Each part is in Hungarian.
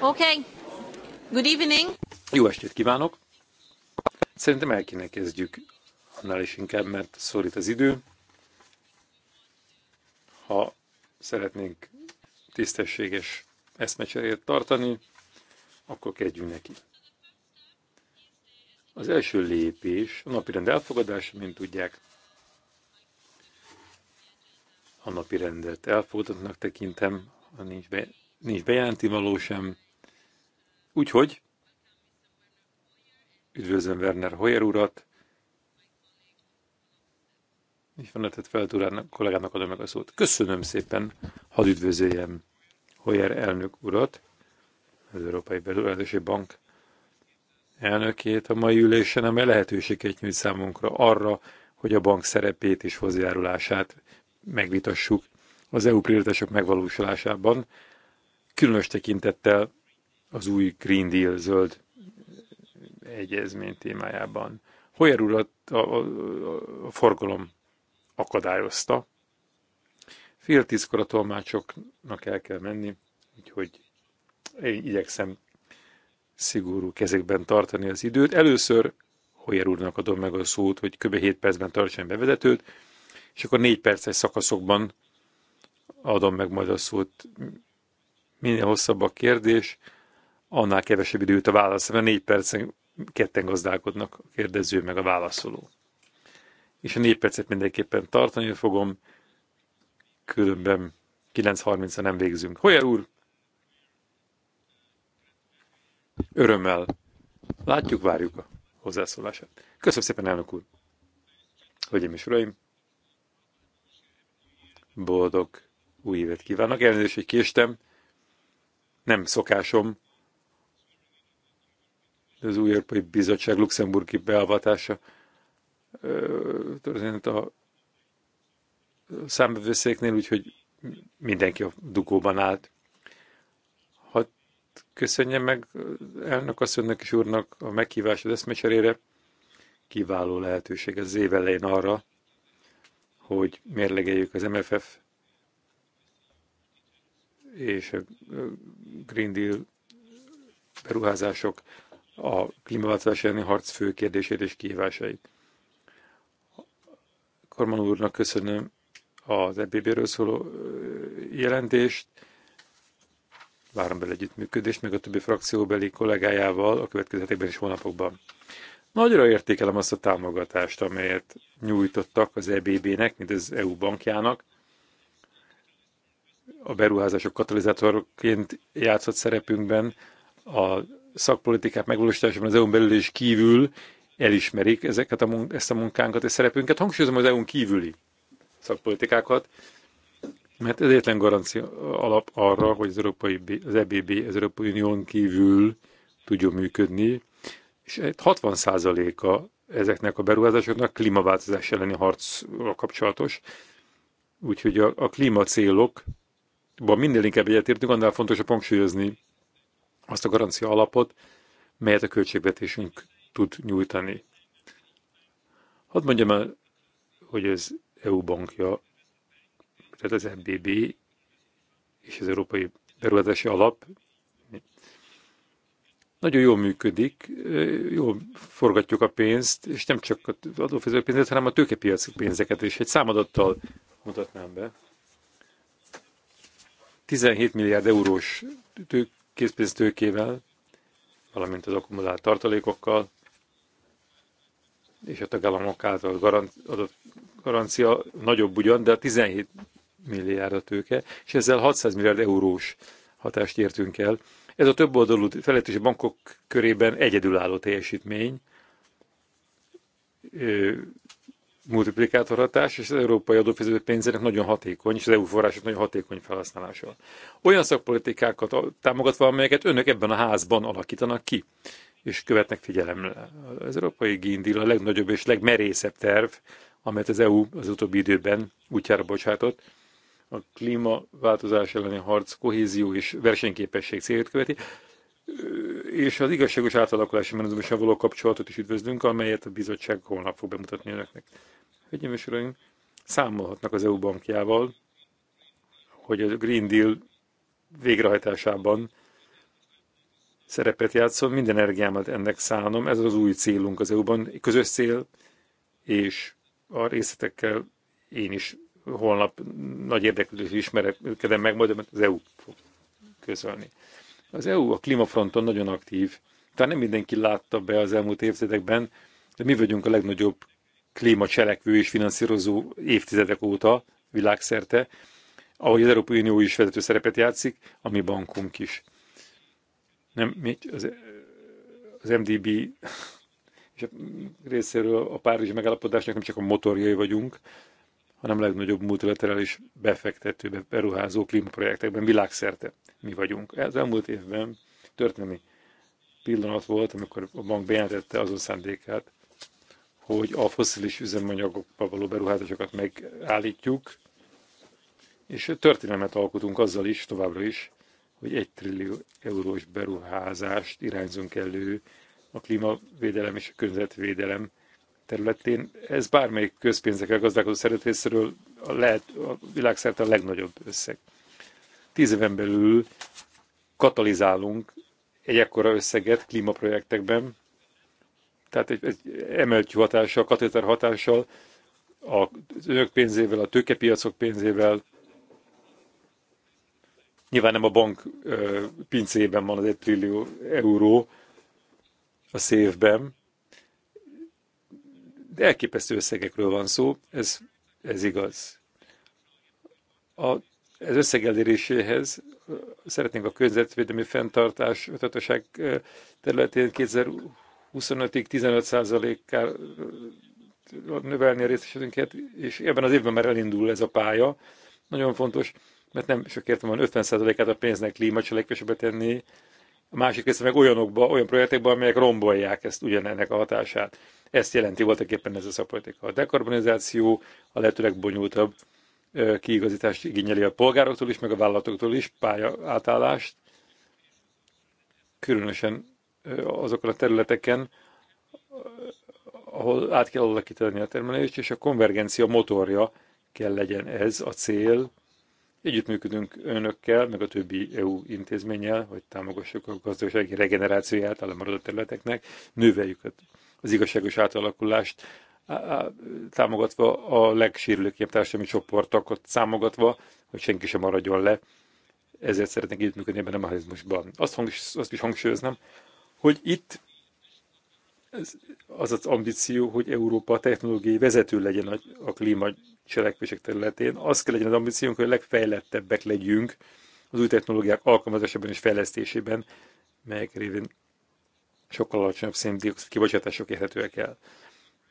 Okay. Good evening. Jó estét kívánok. Szerintem el kéne kezdjük annál is inkább, mert szorít az idő. Ha szeretnénk tisztességes eszmecserét tartani, akkor kezdjünk neki. Az első lépés a napirend elfogadása, mint tudják, a napi rendet elfogadottnak tekintem, ha nincs, be, nincs bejelenti való sem, Úgyhogy üdvözlöm Werner Hoyer urat, Ifanetet feltúrának kollégának adom meg a szót. Köszönöm szépen, hadd üdvözöljem Hoyer elnök urat, az Európai Beruházási Bank elnökét a mai ülésen, amely lehetőséget nyújt számunkra arra, hogy a bank szerepét és hozzájárulását megvitassuk az EU prioritások megvalósulásában, különös tekintettel az új Green Deal zöld egyezmény témájában. Hoyer urat a, a, a forgalom akadályozta. Fél tízkor a tolmácsoknak el kell menni, úgyhogy én igyekszem szigorú kezekben tartani az időt. Először Hoyer úrnak adom meg a szót, hogy kb. 7 percben tartson bevezetőt, és akkor 4 perces szakaszokban adom meg majd a szót. Minél hosszabb a kérdés, annál kevesebb időt a válasz, mert négy percen ketten gazdálkodnak a kérdező meg a válaszoló. És a négy percet mindenképpen tartani fogom, különben 9.30-ra nem végzünk. Hoyer úr! Örömmel. Látjuk, várjuk a hozzászólását. Köszönöm szépen, elnök úr! Hölgyeim és uraim! Boldog új évet kívánok! Elnézést, hogy késtem. Nem szokásom, az új Európai Bizottság luxemburgi beavatása történt a számbevőszéknél, úgyhogy mindenki a dugóban állt. Hadd köszönjem meg elnök asszonynak és úrnak a meghívás az eszmecserére. Kiváló lehetőség az év elején arra, hogy mérlegeljük az MFF és a Green Deal beruházások a klímaváltozás elleni harc fő kérdését és kihívásait. Korman úrnak köszönöm az EBB-ről szóló jelentést, várom bele együttműködést, meg a többi frakcióbeli kollégájával a következő hetekben és hónapokban. Nagyra értékelem azt a támogatást, amelyet nyújtottak az EBB-nek, mint az EU bankjának. A beruházások katalizátorként játszott szerepünkben a szakpolitikák megvalósításában az EU-n belül és kívül elismerik ezeket a munk- ezt a munkánkat és szerepünket. Hangsúlyozom az EU-n kívüli szakpolitikákat, mert ez egyetlen garancia alap arra, hogy az, Európai, az EBB az Európai Unión kívül tudjon működni, és 60%-a ezeknek a beruházásoknak klímaváltozás elleni harcra kapcsolatos. Úgyhogy a, a klímacélokban minden inkább egyetértünk, annál fontosabb hangsúlyozni azt a garancia alapot, melyet a költségvetésünk tud nyújtani. Hadd mondjam el, hogy az EU bankja, tehát az MBB és az Európai Beruházási Alap nagyon jól működik, jól forgatjuk a pénzt, és nem csak az adófizető pénzeket, hanem a tőkepiaci pénzeket is. Egy számadattal mutatnám be. 17 milliárd eurós tők készpénztőkével, valamint az akkumulált tartalékokkal, és a tagállamok által garant, adott garancia nagyobb ugyan, de 17 milliárd a tőke, és ezzel 600 milliárd eurós hatást értünk el. Ez a több oldalú felelősségi bankok körében egyedülálló teljesítmény, multiplikátor hatás, és az európai adófizető pénzének nagyon hatékony, és az EU források nagyon hatékony felhasználása. Olyan szakpolitikákat támogatva, amelyeket önök ebben a házban alakítanak ki, és követnek figyelemre. Az európai Deal a legnagyobb és legmerészebb terv, amelyet az EU az utóbbi időben útjára bocsátott, a klímaváltozás elleni harc, kohézió és versenyképesség célját követi és az igazságos átalakulási mechanizmussal való kapcsolatot is üdvözlünk, amelyet a bizottság holnap fog bemutatni önöknek. Hölgyeim és uraim, számolhatnak az EU bankjával, hogy a Green Deal végrehajtásában szerepet játszom, minden energiámat ennek szánom, ez az új célunk az EU-ban, közös cél, és a részletekkel én is holnap nagy érdeklődés ismerekedem meg, majd az EU fog közölni. Az EU a klímafronton nagyon aktív. Tehát nem mindenki látta be az elmúlt évtizedekben, de mi vagyunk a legnagyobb klímacselekvő és finanszírozó évtizedek óta világszerte, ahogy az Európai Unió is vezető szerepet játszik, a mi bankunk is. Nem, az, az MDB és a részéről a Párizsi megállapodásnak nem csak a motorjai vagyunk, hanem a legnagyobb multilaterális befektető, beruházó klímaprojektekben világszerte mi vagyunk. Ez elmúlt évben történelmi pillanat volt, amikor a bank bejelentette azon szándékát, hogy a foszilis üzemanyagokba való beruházásokat megállítjuk, és történelmet alkotunk azzal is, továbbra is, hogy egy trillió eurós beruházást irányzunk elő a klímavédelem és a környezetvédelem területén. Ez bármelyik közpénzekkel gazdálkodó szeret lehet a világszerte a legnagyobb összeg. Tíz éven belül katalizálunk egy ekkora összeget klímaprojektekben, tehát egy, egy emelt hatással, katéter hatással, az önök pénzével, a tőkepiacok pénzével, nyilván nem a bank pincében van az egy trillió euró a szévben, de elképesztő összegekről van szó, ez, ez igaz. A, ez összeg eléréséhez szeretnénk a környezetvédelmi fenntartás ötletesek eh, területén 2025-ig 15%-kal eh, növelni a részesedünket, és ebben az évben már elindul ez a pálya. Nagyon fontos, mert nem sok értem van 50%-át a pénznek klímacselekvésbe tenni, a másik része meg olyanokba, olyan projektekbe, amelyek rombolják ezt ugyanennek a hatását. Ezt jelenti voltak éppen ez a szakpolitika. A dekarbonizáció a lehető legbonyolultabb kiigazítást igényeli a polgároktól is, meg a vállalatoktól is, pálya átállást, különösen azokon a területeken, ahol át kell alakítani a termelést, és a konvergencia motorja kell legyen ez a cél. Együttműködünk önökkel, meg a többi EU intézménnyel, hogy támogassuk a gazdasági regenerációját a lemaradott területeknek, növeljük a az igazságos átalakulást támogatva a legsérülőképp társadalmi csoportokat számogatva, hogy senki sem maradjon le. Ezért szeretnék működni ebben a mechanizmusban. Azt, hangs, azt is hangsúlyoznám, hogy itt az az ambíció, hogy Európa technológiai vezető legyen a, a cselekvések területén. Az kell legyen az ambíciónk, hogy a legfejlettebbek legyünk az új technológiák alkalmazásában és fejlesztésében, melyek révén sokkal alacsonyabb széndiokszid kibocsátások érhetőek el.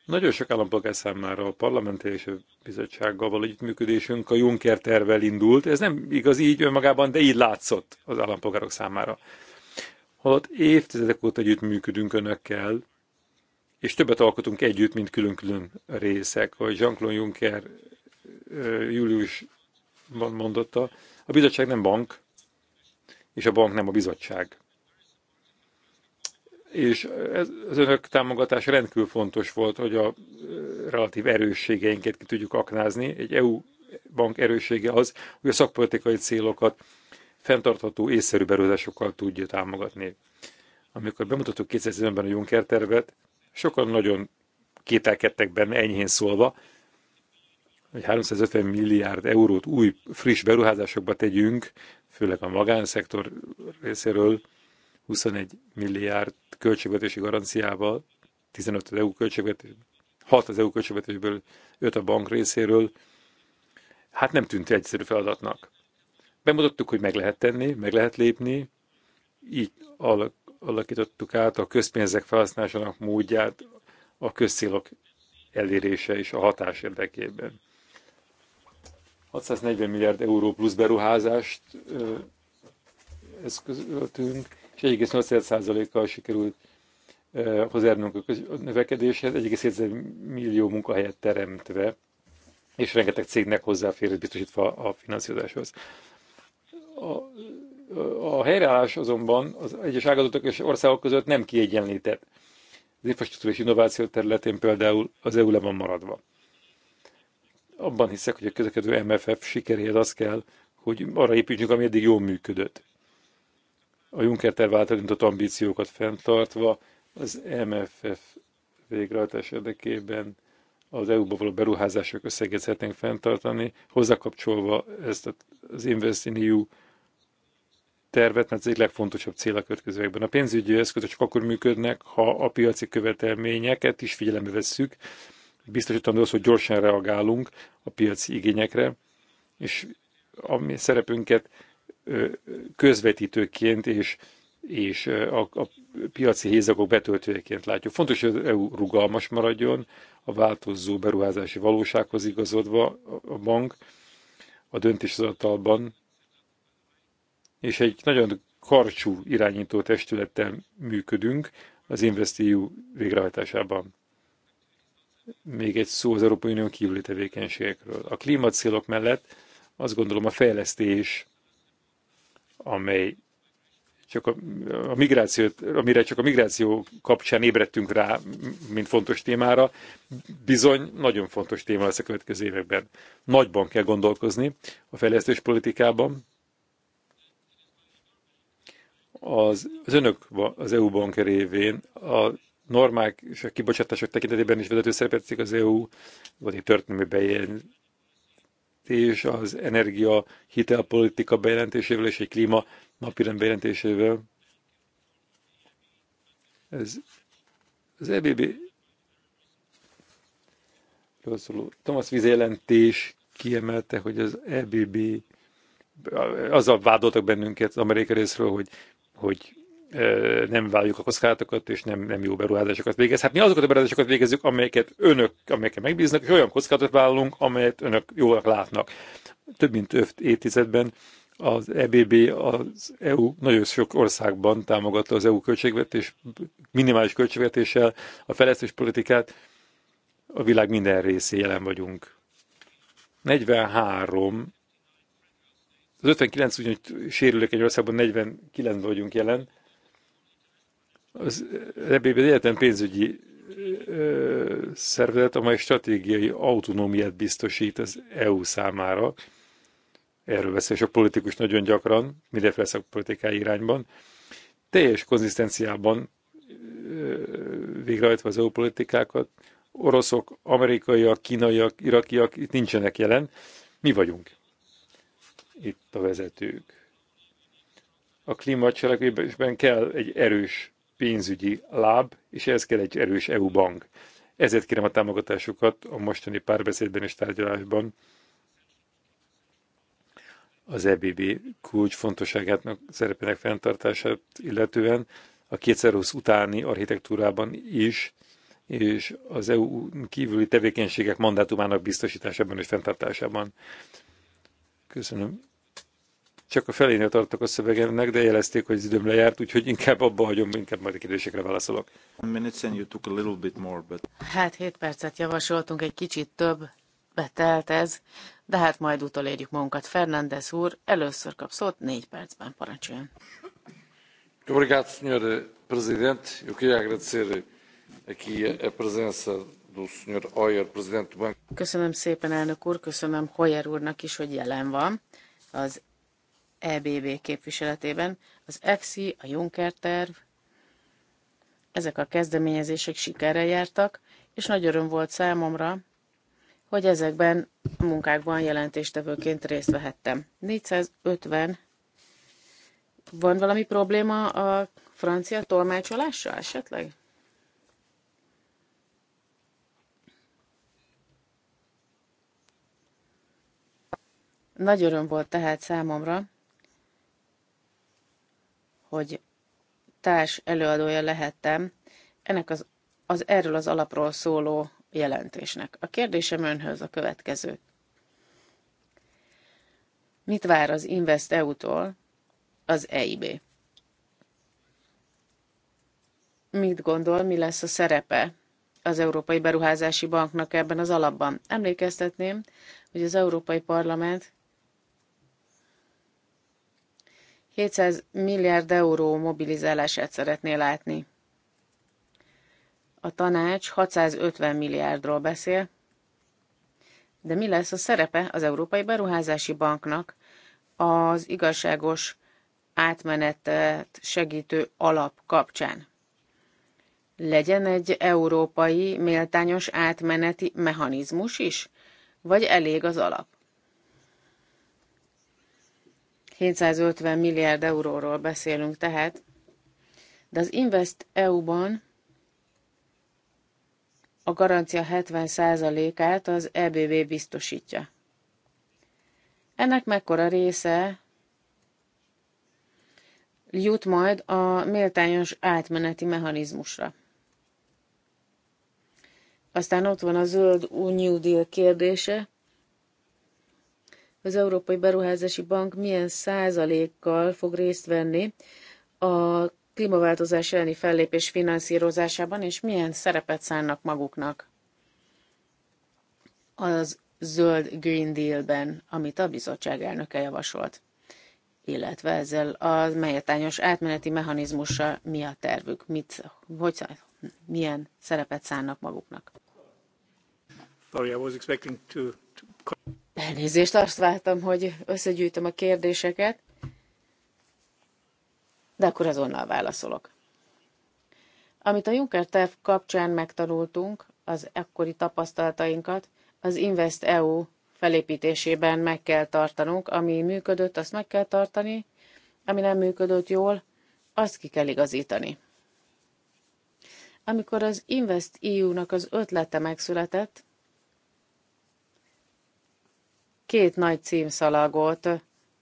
Nagyon sok állampolgár számára a parlamenti és a bizottsággal való együttműködésünk a Juncker tervel indult. Ez nem igaz így önmagában, de így látszott az állampolgárok számára. Holott évtizedek óta együttműködünk önökkel, és többet alkotunk együtt, mint külön-külön részek. Ahogy Jean-Claude Juncker júliusban mondotta, a bizottság nem bank, és a bank nem a bizottság és ez, az önök támogatás rendkívül fontos volt, hogy a relatív erősségeinket ki tudjuk aknázni. Egy EU bank erőssége az, hogy a szakpolitikai célokat fenntartható észszerű beruházásokkal tudja támogatni. Amikor bemutattuk 2010-ben a Juncker tervet, sokan nagyon kételkedtek benne, enyhén szólva, hogy 350 milliárd eurót új, friss beruházásokba tegyünk, főleg a magánszektor részéről, 21 milliárd költségvetési garanciával, 15 az EU költségvetés, 6 az EU költségvetésből, 5 a bank részéről, hát nem tűnt egyszerű feladatnak. Bemutattuk, hogy meg lehet tenni, meg lehet lépni, így alakítottuk át a közpénzek felhasználásának módját a közszélok elérése és a hatás érdekében. 640 milliárd euró plusz beruházást eszközöltünk, és 1,8%-kal sikerült hozzárnunk a, növekedéshez, 1,7 millió munkahelyet teremtve, és rengeteg cégnek hozzáférés biztosítva a finanszírozáshoz. A, a helyreállás azonban az egyes ágazatok és országok között nem kiegyenlített. Az infrastruktúra és innováció területén például az EU le van maradva. Abban hiszek, hogy a közlekedő MFF sikeréhez az kell, hogy arra építsünk, ami eddig jól működött a Juncker terv által indított ambíciókat fenntartva az MFF végrehajtás érdekében az EU-ba való beruházások összegét szeretnénk fenntartani, hozzákapcsolva ezt az Invest in EU tervet, mert ez egy legfontosabb cél a következőekben. A pénzügyi eszközök csak akkor működnek, ha a piaci követelményeket is figyelembe vesszük, biztosítandó az, hogy gyorsan reagálunk a piaci igényekre, és a mi szerepünket közvetítőként és, és a, a piaci hézakok betöltőjeként látjuk. Fontos, hogy az EU rugalmas maradjon, a változó beruházási valósághoz igazodva a bank a döntéshozatalban, és egy nagyon karcsú irányító testülettel működünk az InvestEU végrehajtásában. Még egy szó az Európai Unió kívüli tevékenységekről. A klímacélok mellett azt gondolom a fejlesztés amely csak a, a migrációt, amire csak a migráció kapcsán ébredtünk rá, mint fontos témára, bizony nagyon fontos téma lesz a következő években. Nagyban kell gondolkozni a fejlesztés politikában. Az, az önök az EU banker révén a normák és a kibocsátások tekintetében is vezető szerepet az EU, vagy egy történelmi jelentés, az energia hitelpolitika bejelentésével és egy klíma napirend bejelentésével. Ez az EBB szóló Thomas Vize jelentés kiemelte, hogy az EBB azzal vádoltak bennünket az amerikai részről, hogy, hogy nem váljuk a kockázatokat, és nem, nem jó beruházásokat végez. Hát mi azokat a beruházásokat végezzük, amelyeket önök, amelyeket megbíznak, és olyan kockázatot vállalunk, amelyet önök jól látnak. Több mint öt évtizedben az EBB az EU nagyon sok országban támogatta az EU költségvetés, minimális költségvetéssel a fejlesztés politikát. A világ minden részén jelen vagyunk. 43 az 59 úgyhogy sérülékeny országban 49 vagyunk jelen, az EBB egyetlen pénzügyi szervezet, amely stratégiai autonómiát biztosít az EU számára. Erről beszél a politikus nagyon gyakran, mindenféle szakpolitikai irányban. Teljes konzisztenciában végrehajtva az EU politikákat, oroszok, amerikaiak, kínaiak, irakiak itt nincsenek jelen. Mi vagyunk itt a vezetők. A klímacselekvésben kell egy erős pénzügyi láb, és ehhez kell egy erős EU bank. Ezért kérem a támogatásukat a mostani párbeszédben és tárgyalásban az EBB kulcs fontosságátnak szerepének fenntartását illetően a 2020 utáni architektúrában is, és az EU kívüli tevékenységek mandátumának biztosításában és fenntartásában. Köszönöm csak a felénél tartok a szövegemnek, de jelezték, hogy az időm lejárt, úgyhogy inkább abba hagyom, inkább majd a kérdésekre válaszolok. Hát 7 percet javasoltunk, egy kicsit több betelt ez, de hát majd utolérjük magunkat. Fernández úr, először kap szót, négy percben parancsoljon. Obrigado, Sr. Presidente. Eu queria agradecer aqui a presença do Sr. Hoyer, Presidente do Banco. Köszönöm szépen, elnök úr, köszönöm Hoyer úrnak is, hogy jelen van az EBB képviseletében, az EFSI, a Juncker terv, ezek a kezdeményezések sikerre jártak, és nagy öröm volt számomra, hogy ezekben a munkákban jelentéstevőként részt vehettem. 450. Van valami probléma a francia tolmácsolással esetleg? Nagy öröm volt tehát számomra, hogy társ előadója lehettem ennek az, az erről az alapról szóló jelentésnek. A kérdésem önhöz a következő. Mit vár az Invest EU-tól az EIB? Mit gondol, mi lesz a szerepe az Európai Beruházási Banknak ebben az alapban? Emlékeztetném, hogy az Európai Parlament 700 milliárd euró mobilizálását szeretné látni. A tanács 650 milliárdról beszél, de mi lesz a szerepe az Európai Beruházási Banknak az igazságos átmenetet segítő alap kapcsán? Legyen egy európai méltányos átmeneti mechanizmus is, vagy elég az alap? 750 milliárd euróról beszélünk tehát, de az Invest EU-ban a garancia 70%-át az EBB biztosítja. Ennek mekkora része jut majd a méltányos átmeneti mechanizmusra. Aztán ott van a zöld New Deal kérdése az Európai Beruházási Bank milyen százalékkal fog részt venni a klímaváltozás elleni fellépés finanszírozásában, és milyen szerepet szánnak maguknak az zöld Green Deal-ben, amit a bizottság elnöke javasolt, illetve ezzel a melyetányos átmeneti mechanizmussal mi a tervük, mit, hogy, milyen szerepet szánnak maguknak. Sorry, I was expecting to Elnézést, azt vártam, hogy összegyűjtöm a kérdéseket, de akkor azonnal válaszolok. Amit a Juncker terv kapcsán megtanultunk, az ekkori tapasztalatainkat az Invest EU felépítésében meg kell tartanunk, ami működött, azt meg kell tartani, ami nem működött jól, azt ki kell igazítani. Amikor az Invest EU-nak az ötlete megszületett, Két nagy címszalagot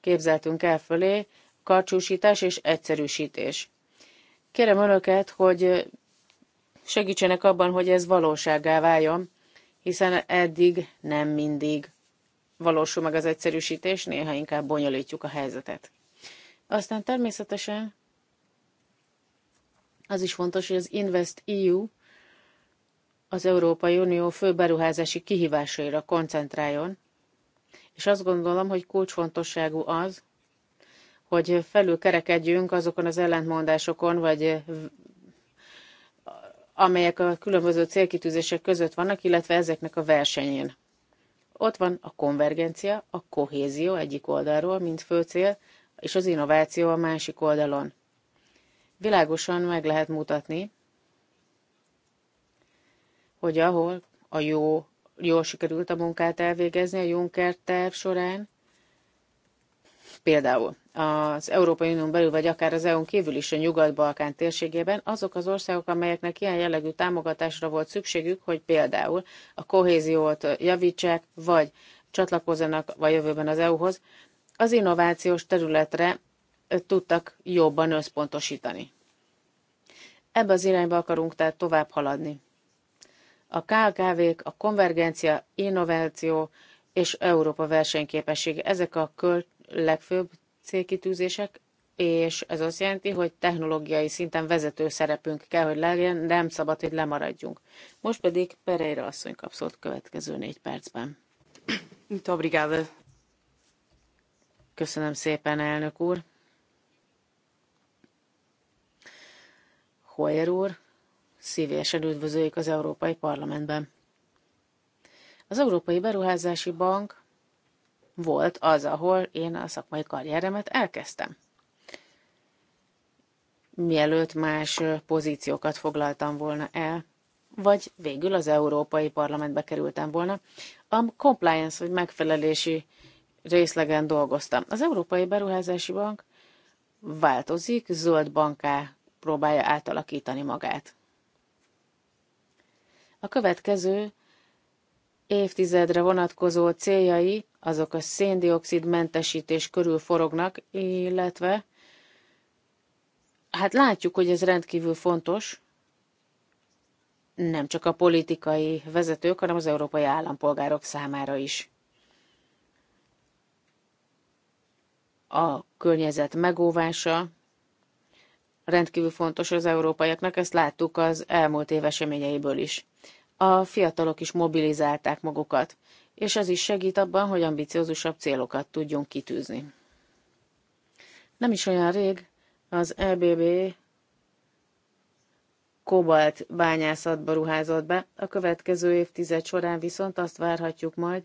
képzeltünk el fölé, karcsúsítás és egyszerűsítés. Kérem önöket, hogy segítsenek abban, hogy ez valóságá váljon, hiszen eddig nem mindig valósul meg az egyszerűsítés, néha inkább bonyolítjuk a helyzetet. Aztán természetesen az is fontos, hogy az Invest EU az Európai Unió fő beruházási kihívásaira koncentráljon, és azt gondolom, hogy kulcsfontosságú az, hogy felül kerekedjünk azokon az ellentmondásokon, vagy amelyek a különböző célkitűzések között vannak, illetve ezeknek a versenyén. Ott van a konvergencia, a kohézió egyik oldalról, mint fő cél, és az innováció a másik oldalon. Világosan meg lehet mutatni, hogy ahol a jó jól sikerült a munkát elvégezni a Juncker terv során. Például az Európai Unión belül, vagy akár az EU-n kívül is a Nyugat-Balkán térségében azok az országok, amelyeknek ilyen jellegű támogatásra volt szükségük, hogy például a kohéziót javítsák, vagy csatlakozzanak a jövőben az EU-hoz, az innovációs területre tudtak jobban összpontosítani. Ebbe az irányba akarunk tehát tovább haladni a KKV-k, a konvergencia, innováció és Európa versenyképessége. Ezek a köl- legfőbb célkitűzések, és ez azt jelenti, hogy technológiai szinten vezető szerepünk kell, hogy legyen, nem szabad, hogy lemaradjunk. Most pedig Pereira asszony kap szót következő négy percben. Muito obrigada. Köszönöm szépen, elnök úr. Hoyer úr, szívélyesen üdvözöljük az Európai Parlamentben. Az Európai Beruházási Bank volt az, ahol én a szakmai karrieremet elkezdtem. Mielőtt más pozíciókat foglaltam volna el, vagy végül az Európai Parlamentbe kerültem volna, a compliance vagy megfelelési részlegen dolgoztam. Az Európai Beruházási Bank változik, zöld banká próbálja átalakítani magát. A következő évtizedre vonatkozó céljai azok a széndiokszid mentesítés körül forognak, illetve hát látjuk, hogy ez rendkívül fontos, nem csak a politikai vezetők, hanem az európai állampolgárok számára is. A környezet megóvása rendkívül fontos az európaiaknak, ezt láttuk az elmúlt év eseményeiből is a fiatalok is mobilizálták magukat, és ez is segít abban, hogy ambiciózusabb célokat tudjunk kitűzni. Nem is olyan rég az EBB kobalt bányászatba ruházott be, a következő évtized során viszont azt várhatjuk majd,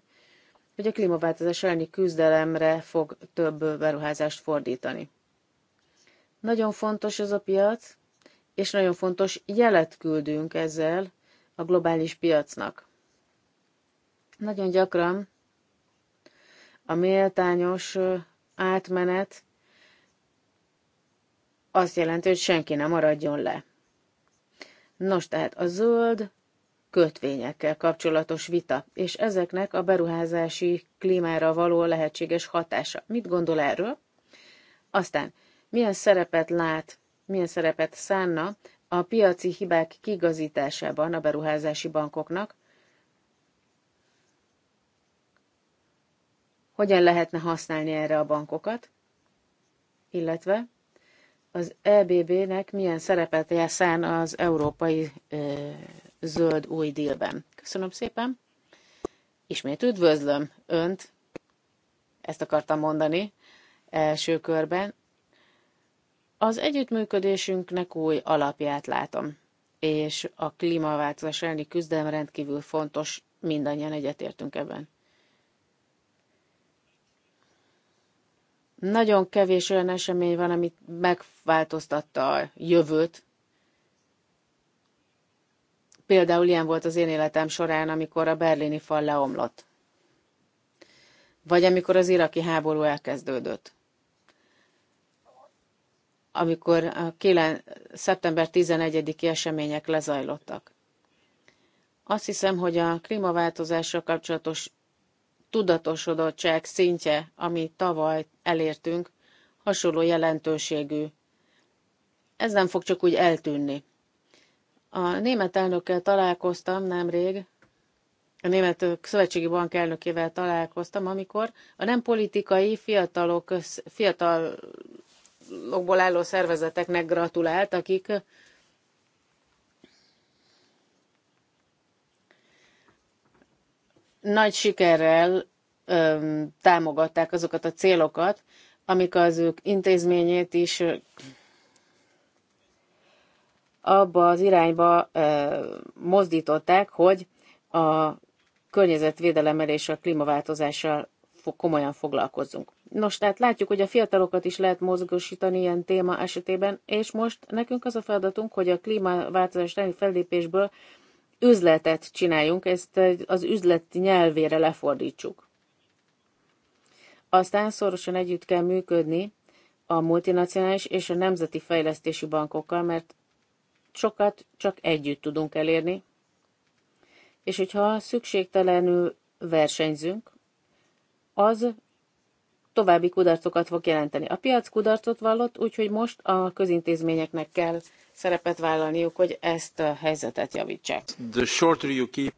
hogy a klímaváltozás elleni küzdelemre fog több beruházást fordítani. Nagyon fontos ez a piac, és nagyon fontos jelet küldünk ezzel a globális piacnak. Nagyon gyakran a méltányos átmenet azt jelenti, hogy senki nem maradjon le. Nos, tehát a zöld kötvényekkel kapcsolatos vita, és ezeknek a beruházási klímára való lehetséges hatása. Mit gondol erről? Aztán, milyen szerepet lát, milyen szerepet szánna a piaci hibák kigazításában a beruházási bankoknak, hogyan lehetne használni erre a bankokat, illetve az EBB-nek milyen szerepet jelszán az európai e, zöld új dílben. Köszönöm szépen. Ismét üdvözlöm Önt, ezt akartam mondani első körben, az együttműködésünknek új alapját látom, és a klímaváltozás elleni küzdelem rendkívül fontos, mindannyian egyetértünk ebben. Nagyon kevés olyan esemény van, amit megváltoztatta a jövőt. Például ilyen volt az én életem során, amikor a berlini fal leomlott. Vagy amikor az iraki háború elkezdődött amikor a 9, szeptember 11-i események lezajlottak. Azt hiszem, hogy a klímaváltozásra kapcsolatos tudatosodottság szintje, amit tavaly elértünk, hasonló jelentőségű. Ez nem fog csak úgy eltűnni. A német elnökkel találkoztam nemrég, a Német Szövetségi Bank elnökével találkoztam, amikor a nem politikai fiatalok, fiatal államokból álló szervezeteknek gratulált, akik nagy sikerrel öm, támogatták azokat a célokat, amik az ők intézményét is abba az irányba ö, mozdították, hogy a környezetvédelemmel és a klímaváltozással komolyan foglalkozzunk. Nos, tehát látjuk, hogy a fiatalokat is lehet mozgósítani ilyen téma esetében, és most nekünk az a feladatunk, hogy a klímaváltozás elleni fellépésből üzletet csináljunk, ezt az üzleti nyelvére lefordítsuk. Aztán szorosan együtt kell működni a multinacionális és a nemzeti fejlesztési bankokkal, mert sokat csak együtt tudunk elérni. És hogyha szükségtelenül versenyzünk, az további kudarcokat fog jelenteni. A piac kudarcot vallott, úgyhogy most a közintézményeknek kell szerepet vállalniuk, hogy ezt a helyzetet javítsák. The shorter you keep...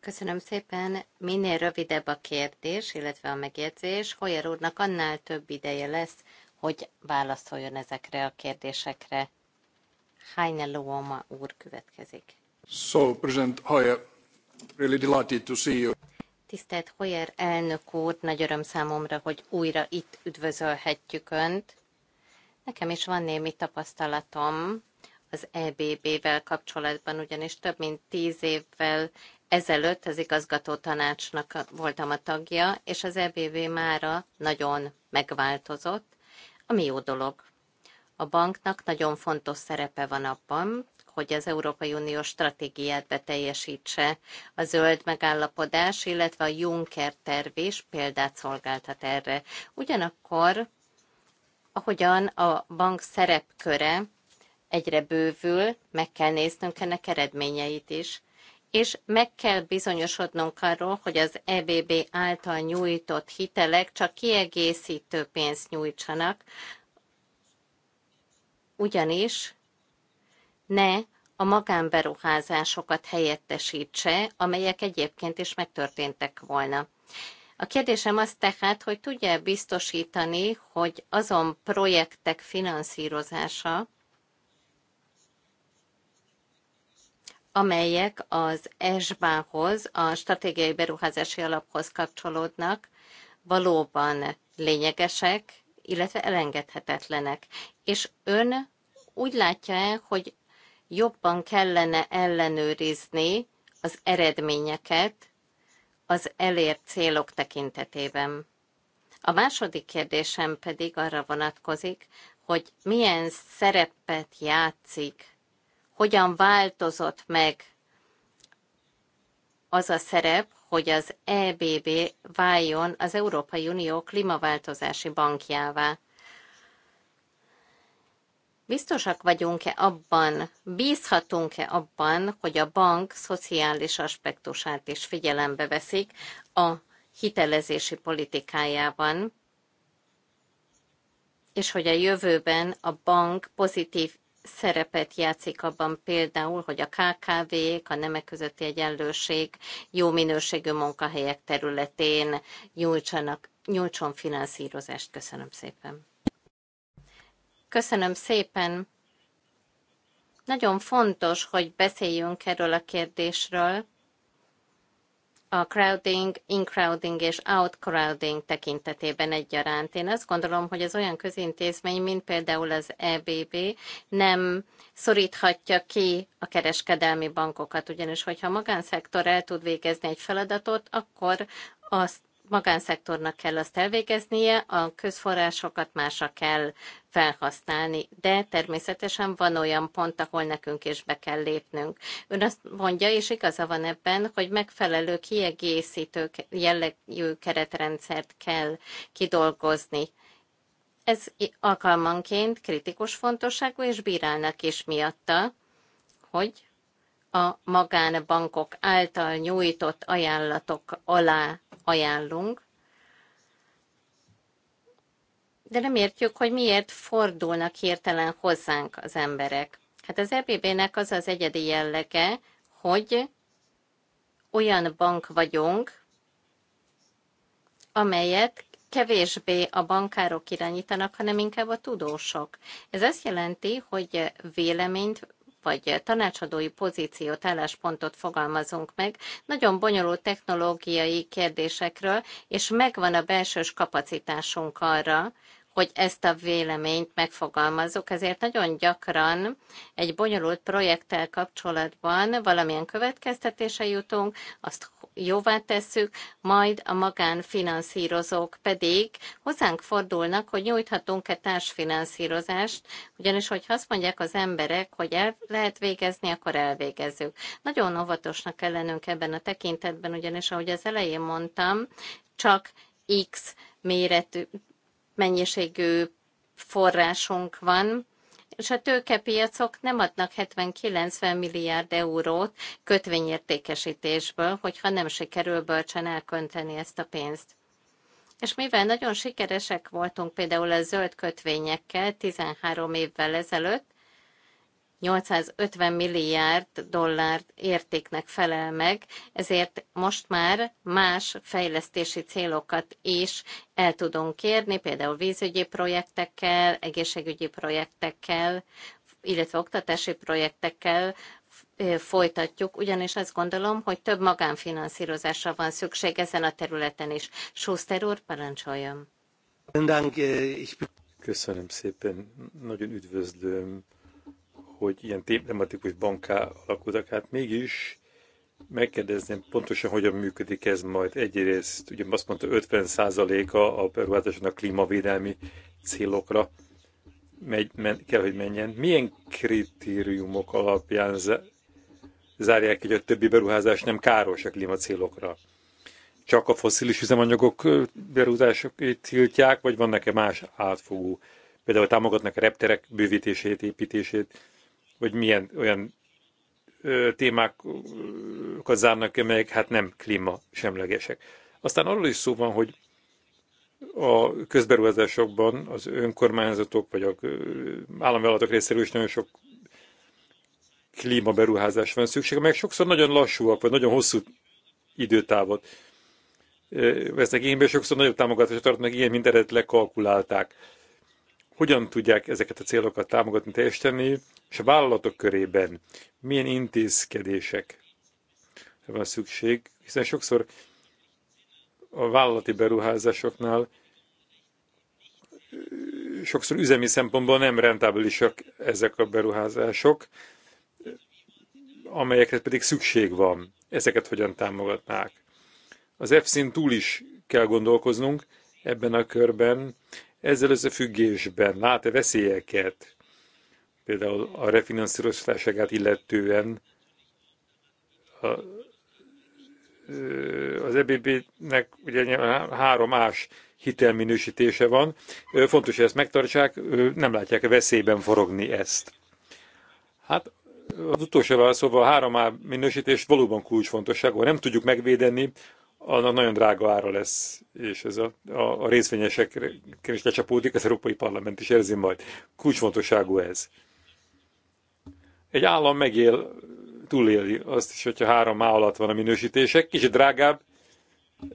Köszönöm szépen. Minél rövidebb a kérdés, illetve a megjegyzés, Hoyer úrnak annál több ideje lesz, hogy válaszoljon ezekre a kérdésekre. Heine Luoma úr következik. So, President Hoyer, really delighted to see you. Tisztelt Hoyer elnök úr, nagy öröm számomra, hogy újra itt üdvözölhetjük Önt. Nekem is van némi tapasztalatom az EBB-vel kapcsolatban, ugyanis több mint tíz évvel ezelőtt az igazgató tanácsnak voltam a tagja, és az EBB mára nagyon megváltozott, ami jó dolog. A banknak nagyon fontos szerepe van abban, hogy az Európai Unió stratégiát beteljesítse. A zöld megállapodás, illetve a Juncker terv is példát szolgáltat erre. Ugyanakkor, ahogyan a bank szerepköre egyre bővül, meg kell néznünk ennek eredményeit is és meg kell bizonyosodnunk arról, hogy az EBB által nyújtott hitelek csak kiegészítő pénzt nyújtsanak, ugyanis ne a magánberuházásokat helyettesítse, amelyek egyébként is megtörténtek volna. A kérdésem az tehát, hogy tudja biztosítani, hogy azon projektek finanszírozása, amelyek az ESBA-hoz, a stratégiai beruházási alaphoz kapcsolódnak, valóban lényegesek, illetve elengedhetetlenek. És ön úgy látja-e, hogy jobban kellene ellenőrizni az eredményeket az elért célok tekintetében. A második kérdésem pedig arra vonatkozik, hogy milyen szerepet játszik, hogyan változott meg az a szerep, hogy az EBB váljon az Európai Unió klímaváltozási bankjává. Biztosak vagyunk-e abban, bízhatunk-e abban, hogy a bank szociális aspektusát is figyelembe veszik a hitelezési politikájában, és hogy a jövőben a bank pozitív szerepet játszik abban például, hogy a KKV-k, a nemek közötti egyenlőség jó minőségű munkahelyek területén nyújtsanak, nyújtson finanszírozást. Köszönöm szépen. Köszönöm szépen. Nagyon fontos, hogy beszéljünk erről a kérdésről, a crowding, in-crowding és out-crowding tekintetében egyaránt. Én azt gondolom, hogy az olyan közintézmény, mint például az EBB nem szoríthatja ki a kereskedelmi bankokat, ugyanis hogyha a magánszektor el tud végezni egy feladatot, akkor azt magánszektornak kell azt elvégeznie, a közforrásokat másra kell felhasználni. De természetesen van olyan pont, ahol nekünk is be kell lépnünk. Ön azt mondja, és igaza van ebben, hogy megfelelő kiegészítő jellegű keretrendszert kell kidolgozni. Ez alkalmanként kritikus fontosságú, és bírálnak is miatta, hogy a magánbankok által nyújtott ajánlatok alá ajánlunk, de nem értjük, hogy miért fordulnak hirtelen hozzánk az emberek. Hát az EBB-nek az az egyedi jellege, hogy olyan bank vagyunk, amelyet kevésbé a bankárok irányítanak, hanem inkább a tudósok. Ez azt jelenti, hogy véleményt vagy tanácsadói pozíciót, álláspontot fogalmazunk meg, nagyon bonyolult technológiai kérdésekről, és megvan a belsős kapacitásunk arra, hogy ezt a véleményt megfogalmazzuk, ezért nagyon gyakran egy bonyolult projekttel kapcsolatban valamilyen következtetése jutunk, azt jóvá tesszük, majd a magánfinanszírozók pedig hozzánk fordulnak, hogy nyújthatunk-e társfinanszírozást, ugyanis hogyha azt mondják az emberek, hogy el lehet végezni, akkor elvégezzük. Nagyon óvatosnak kell lennünk ebben a tekintetben, ugyanis ahogy az elején mondtam, csak X méretű mennyiségű forrásunk van, és a tőkepiacok nem adnak 70-90 milliárd eurót kötvényértékesítésből, hogyha nem sikerül bölcsen elkönteni ezt a pénzt. És mivel nagyon sikeresek voltunk például a zöld kötvényekkel 13 évvel ezelőtt, 850 milliárd dollár értéknek felel meg, ezért most már más fejlesztési célokat is el tudunk kérni, például vízügyi projektekkel, egészségügyi projektekkel, illetve oktatási projektekkel folytatjuk, ugyanis azt gondolom, hogy több magánfinanszírozásra van szükség ezen a területen is. Schuster úr, parancsoljon! Äh, Köszönöm szépen, nagyon üdvözlöm hogy ilyen tematikus banká alakultak, hát mégis megkérdezném pontosan, hogyan működik ez majd. Egyrészt, ugye azt mondta, 50%-a a a klímavédelmi célokra megy, men, kell, hogy menjen. Milyen kritériumok alapján zárják, hogy a többi beruházás nem káros a klímacélokra? Csak a foszilis üzemanyagok beruházások tiltják, vagy vannak-e más átfogó? Például támogatnak a repterek bővítését, építését, vagy milyen olyan ö, témákat zárnak, amelyek hát nem klíma semlegesek. Aztán arról is szó van, hogy a közberuházásokban az önkormányzatok vagy a államvállalatok részéről is nagyon sok klímaberuházás van szükség, amelyek sokszor nagyon lassúak, vagy nagyon hosszú időtávot vesznek igénybe, sokszor nagyobb támogatást tartanak, ilyen mindent lekalkulálták hogyan tudják ezeket a célokat támogatni, teljesíteni, és a vállalatok körében milyen intézkedések van szükség, hiszen sokszor a vállalati beruházásoknál sokszor üzemi szempontból nem rentábilisak ezek a beruházások, amelyekhez pedig szükség van. Ezeket hogyan támogatnák? Az efsz túl is kell gondolkoznunk ebben a körben, ezzel összefüggésben lát-e veszélyeket, például a refinanszírozását illetően a, az EBB-nek ugye három ás hitelminősítése van. Fontos, hogy ezt megtartsák, nem látják a veszélyben forogni ezt. Hát az utolsó válaszolva a 3A minősítés valóban kulcsfontosságú. Nem tudjuk megvédeni annak nagyon drága ára lesz, és ez a, a, a részvényesekre is lecsapódik, az Európai Parlament is érzi majd. Kulcsfontosságú ez. Egy állam megél, túléli azt is, hogyha három má alatt van a minősítések, kicsit drágább,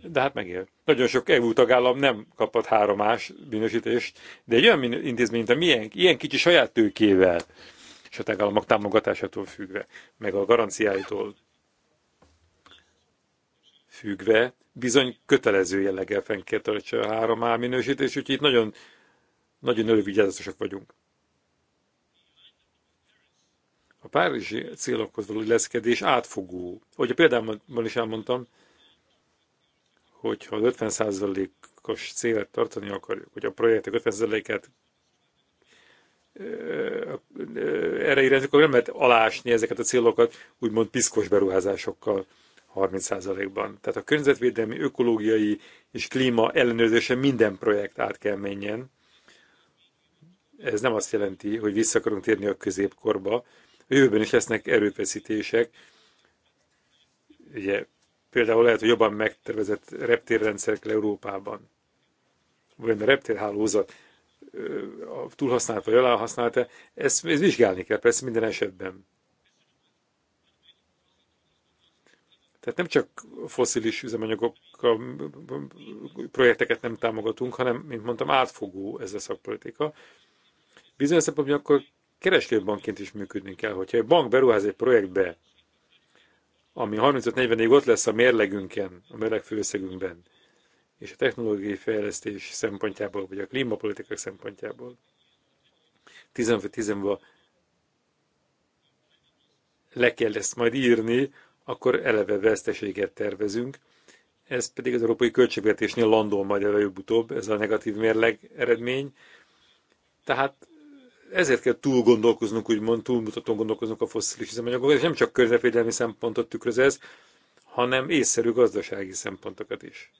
de hát megél. Nagyon sok EU tagállam nem kapott három más minősítést, de egy olyan intézmény, mint a miénk, ilyen kicsi saját tőkével, és a tagállamok támogatásától függve, meg a garanciáitól függve, bizony kötelező jelleggel fenn a 3A minősítés, úgyhogy itt nagyon, nagyon elővigyázatosak vagyunk. A párizsi célokhoz való leszkedés átfogó. Hogy a példámban is elmondtam, hogyha az 50%-os célt tartani akarjuk, hogy a projektek 50 et erre irányzik, akkor nem lehet alásni ezeket a célokat, úgymond piszkos beruházásokkal 30%-ban. Tehát a környezetvédelmi, ökológiai és klíma ellenőrzése minden projekt át kell menjen. Ez nem azt jelenti, hogy vissza akarunk térni a középkorba. A jövőben is lesznek erőfeszítések. Ugye, például lehet, hogy jobban megtervezett reptérrendszerek Európában. Vagy a reptérhálózat túlhasználta, vagy használta, ezt, ezt vizsgálni kell persze minden esetben. Tehát nem csak foszilis üzemanyagok projekteket nem támogatunk, hanem, mint mondtam, átfogó ez a szakpolitika. Bizonyos szempontból akkor kereskedőbankként is működni kell. Hogyha egy bank beruház egy projektbe, ami 35-40 ig ott lesz a mérlegünken, a mérleg főszegünkben, és a technológiai fejlesztés szempontjából, vagy a klímapolitikák szempontjából, 10 10 le kell ezt majd írni, akkor eleve veszteséget tervezünk, ez pedig az európai költségvetésnél landol majd előbb-utóbb, ez a negatív mérleg eredmény. Tehát ezért kell túl gondolkoznunk, úgymond túlmutatón gondolkoznunk a fosszilis üzemanyagokat, és nem csak környezetvédelmi szempontot tükröz ez, hanem észszerű gazdasági szempontokat is.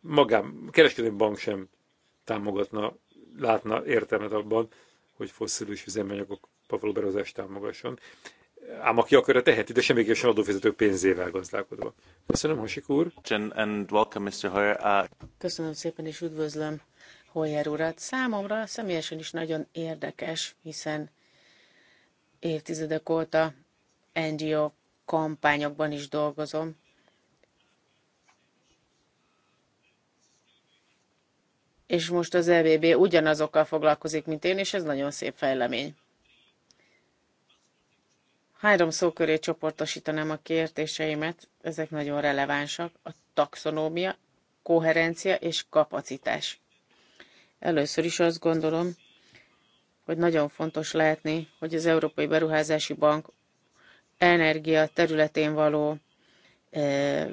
Magám, kereskedő bank sem támogatna, látna értelmet abban, hogy fosszilis üzemanyagokba való támogasson ám aki akarja teheti, de semmiképpen adófizetők pénzével gazdálkodva. Köszönöm, Hasik úr. And welcome, Mr. Uh, Köszönöm szépen, és üdvözlöm Hoyer urat. Számomra személyesen is nagyon érdekes, hiszen évtizedek óta NGO kampányokban is dolgozom, és most az EBB ugyanazokkal foglalkozik, mint én, és ez nagyon szép fejlemény. Három szó köré csoportosítanám a kérdéseimet, ezek nagyon relevánsak, a taxonómia, koherencia és kapacitás. Először is azt gondolom, hogy nagyon fontos látni, hogy az Európai Beruházási Bank energia területén való e,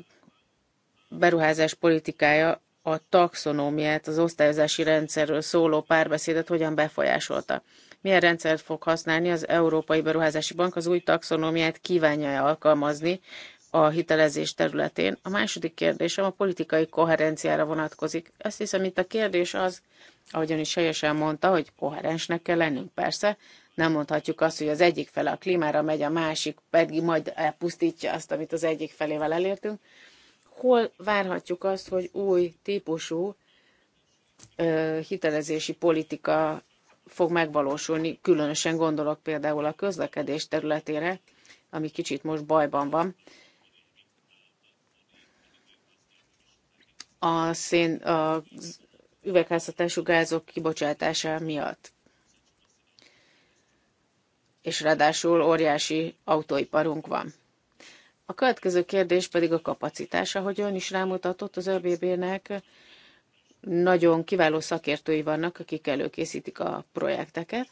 beruházás politikája a taxonómiát, az osztályozási rendszerről szóló párbeszédet hogyan befolyásolta milyen rendszert fog használni az Európai Beruházási Bank, az új taxonómiát kívánja-e alkalmazni a hitelezés területén. A második kérdésem a politikai koherenciára vonatkozik. Azt hiszem, itt a kérdés az, ahogyan is helyesen mondta, hogy koherensnek kell lennünk, persze, nem mondhatjuk azt, hogy az egyik fele a klímára megy, a másik pedig majd elpusztítja azt, amit az egyik felével elértünk. Hol várhatjuk azt, hogy új típusú ö, hitelezési politika fog megvalósulni, különösen gondolok például a közlekedés területére, ami kicsit most bajban van. A szén, a üvegházhatású gázok kibocsátása miatt. És ráadásul óriási autóiparunk van. A következő kérdés pedig a kapacitása, hogy ön is rámutatott az ÖBB-nek, nagyon kiváló szakértői vannak, akik előkészítik a projekteket.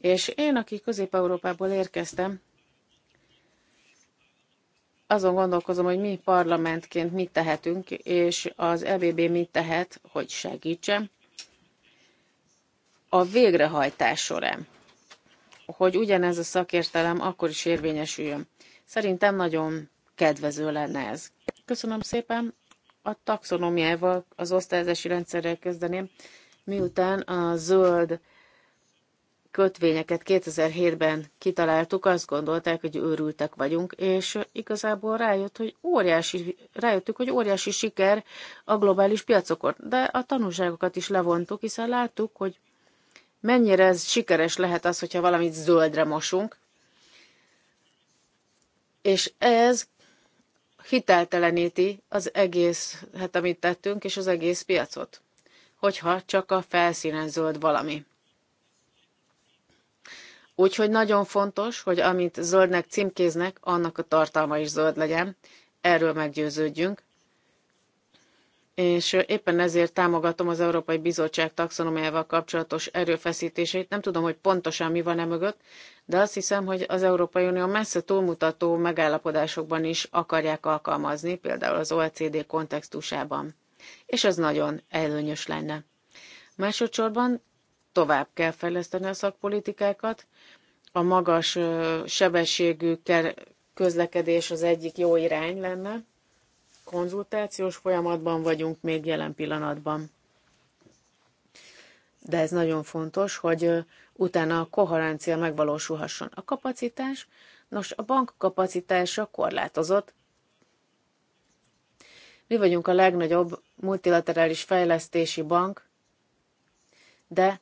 És én, aki Közép-Európából érkeztem, azon gondolkozom, hogy mi parlamentként mit tehetünk, és az EBB mit tehet, hogy segítsen a végrehajtás során, hogy ugyanez a szakértelem akkor is érvényesüljön. Szerintem nagyon kedvező lenne ez. Köszönöm szépen, a taxonomiával, az osztályozási rendszerrel kezdeném, miután a zöld kötvényeket 2007-ben kitaláltuk, azt gondolták, hogy őrültek vagyunk, és igazából rájött, hogy óriási, rájöttük, hogy óriási siker a globális piacokon. De a tanulságokat is levontuk, hiszen láttuk, hogy mennyire ez sikeres lehet az, hogyha valamit zöldre mosunk. És ez hitelteleníti az egész, hát amit tettünk, és az egész piacot, hogyha csak a felszínen zöld valami. Úgyhogy nagyon fontos, hogy amit zöldnek címkéznek, annak a tartalma is zöld legyen, erről meggyőződjünk, és éppen ezért támogatom az Európai Bizottság taxonomiával kapcsolatos erőfeszítéseit. Nem tudom, hogy pontosan mi van e mögött, de azt hiszem, hogy az Európai Unió messze túlmutató megállapodásokban is akarják alkalmazni, például az OECD kontextusában. És ez nagyon előnyös lenne. Másodszorban tovább kell fejleszteni a szakpolitikákat. A magas sebességű közlekedés az egyik jó irány lenne, konzultációs folyamatban vagyunk még jelen pillanatban. De ez nagyon fontos, hogy utána a koherencia megvalósulhasson. A kapacitás, nos, a bank kapacitása korlátozott. Mi vagyunk a legnagyobb multilaterális fejlesztési bank, de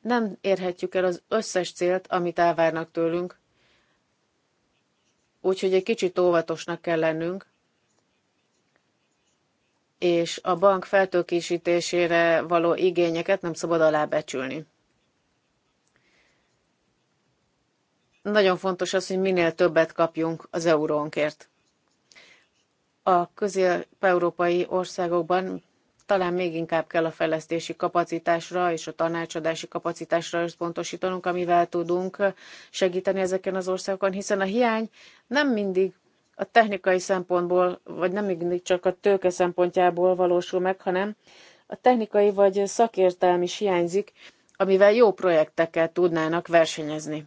nem érhetjük el az összes célt, amit elvárnak tőlünk, úgyhogy egy kicsit óvatosnak kell lennünk, és a bank feltőkésítésére való igényeket nem szabad alábecsülni. Nagyon fontos az, hogy minél többet kapjunk az eurónkért. A közép-európai országokban talán még inkább kell a fejlesztési kapacitásra és a tanácsadási kapacitásra összpontosítanunk, amivel tudunk segíteni ezeken az országokon, hiszen a hiány nem mindig a technikai szempontból, vagy nem mindig csak a tőke szempontjából valósul meg, hanem a technikai vagy szakértelmi is hiányzik, amivel jó projektekkel tudnának versenyezni.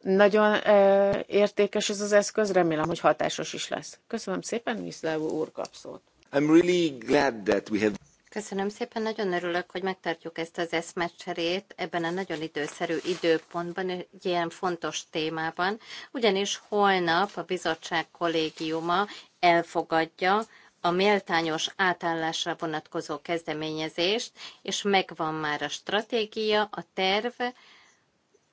Nagyon e, értékes ez az eszköz, remélem, hogy hatásos is lesz. Köszönöm szépen, Miszlávú úr kapszót. I'm really glad that we have... Köszönöm szépen, nagyon örülök, hogy megtartjuk ezt az eszmecserét ebben a nagyon időszerű időpontban, egy ilyen fontos témában, ugyanis holnap a bizottság kollégiuma elfogadja a méltányos átállásra vonatkozó kezdeményezést, és megvan már a stratégia, a terv,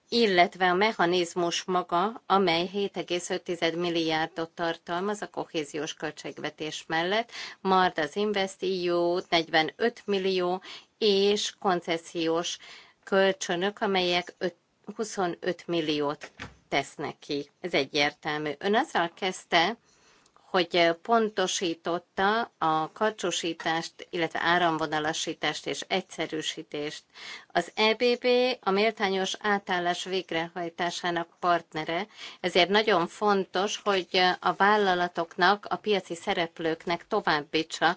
illetve a mechanizmus maga, amely 7,5 milliárdot tartalmaz a kohéziós költségvetés mellett, majd az InvestEU 45 millió és koncesziós kölcsönök, amelyek 5, 25 milliót tesznek ki. Ez egyértelmű. Ön azzal kezdte, hogy pontosította a karcsúsítást, illetve áramvonalasítást és egyszerűsítést. Az EBB a méltányos átállás végrehajtásának partnere, ezért nagyon fontos, hogy a vállalatoknak, a piaci szereplőknek továbbítsa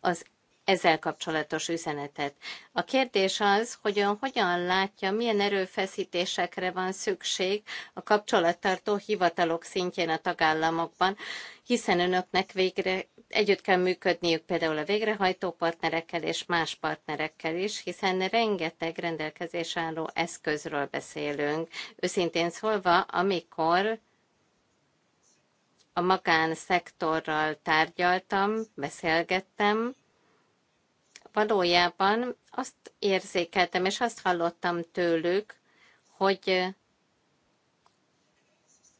az ezzel kapcsolatos üzenetet. A kérdés az, hogy ön hogyan látja, milyen erőfeszítésekre van szükség a kapcsolattartó hivatalok szintjén a tagállamokban, hiszen önöknek végre együtt kell működniük például a végrehajtó partnerekkel és más partnerekkel is, hiszen rengeteg rendelkezés álló eszközről beszélünk. Őszintén szólva, amikor a magánszektorral tárgyaltam, beszélgettem, valójában azt érzékeltem, és azt hallottam tőlük, hogy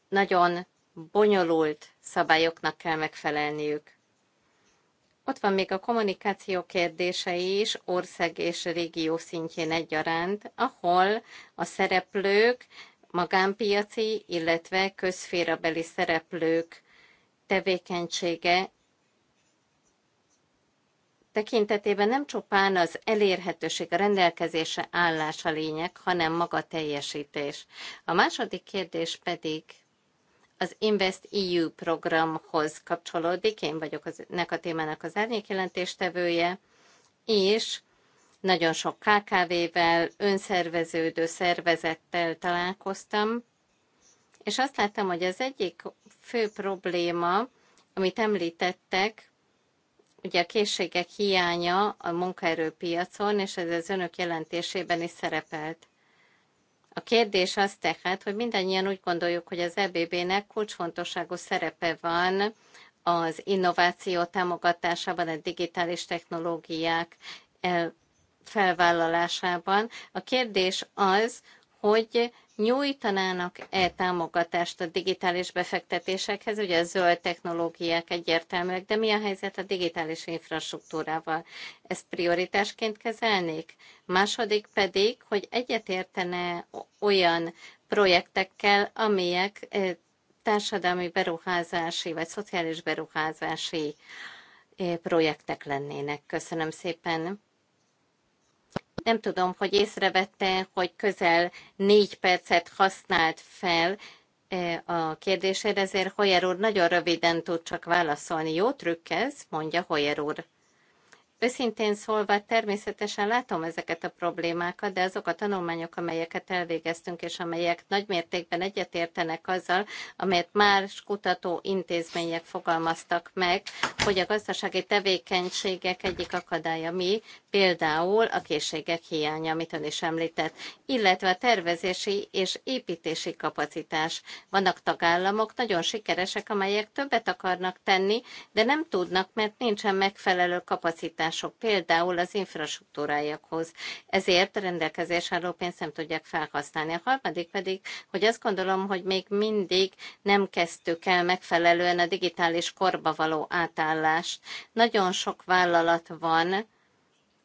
nagyon bonyolult szabályoknak kell megfelelniük. Ott van még a kommunikáció kérdése is, ország és régió szintjén egyaránt, ahol a szereplők, magánpiaci, illetve közférabeli szereplők tevékenysége tekintetében nem csupán az elérhetőség, a rendelkezésre állás a lényeg, hanem maga teljesítés. A második kérdés pedig az Invest EU programhoz kapcsolódik. Én vagyok az, nek a témának az árnyékjelentéstevője, és nagyon sok KKV-vel, önszerveződő szervezettel találkoztam, és azt láttam, hogy az egyik fő probléma, amit említettek, Ugye a készségek hiánya a munkaerőpiacon, és ez az önök jelentésében is szerepelt. A kérdés az tehát, hogy mindannyian úgy gondoljuk, hogy az EBB-nek kulcsfontosságú szerepe van az innováció támogatásában, a digitális technológiák eh, felvállalásában. A kérdés az, hogy nyújtanának-e támogatást a digitális befektetésekhez, ugye a zöld technológiák egyértelműek, de mi a helyzet a digitális infrastruktúrával? Ezt prioritásként kezelnék? Második pedig, hogy egyetértene olyan projektekkel, amelyek e, társadalmi beruházási vagy szociális beruházási e, projektek lennének. Köszönöm szépen. Nem tudom, hogy észrevette, hogy közel négy percet használt fel e, a kérdésére, ezért Hoyer úr nagyon röviden tud csak válaszolni. Jó trükk ez. mondja Hoyer úr. Őszintén szólva, természetesen látom ezeket a problémákat, de azok a tanulmányok, amelyeket elvégeztünk, és amelyek nagymértékben egyetértenek azzal, amelyet más kutató intézmények fogalmaztak meg, hogy a gazdasági tevékenységek egyik akadálya mi, például a készségek hiánya, amit ön is említett, illetve a tervezési és építési kapacitás. Vannak tagállamok, nagyon sikeresek, amelyek többet akarnak tenni, de nem tudnak, mert nincsen megfelelő kapacitások, például az infrastruktúrájakhoz. Ezért rendelkezés álló pénzt nem tudják felhasználni. A harmadik pedig, hogy azt gondolom, hogy még mindig nem kezdtük el megfelelően a digitális korba való átállást. Nagyon sok vállalat van,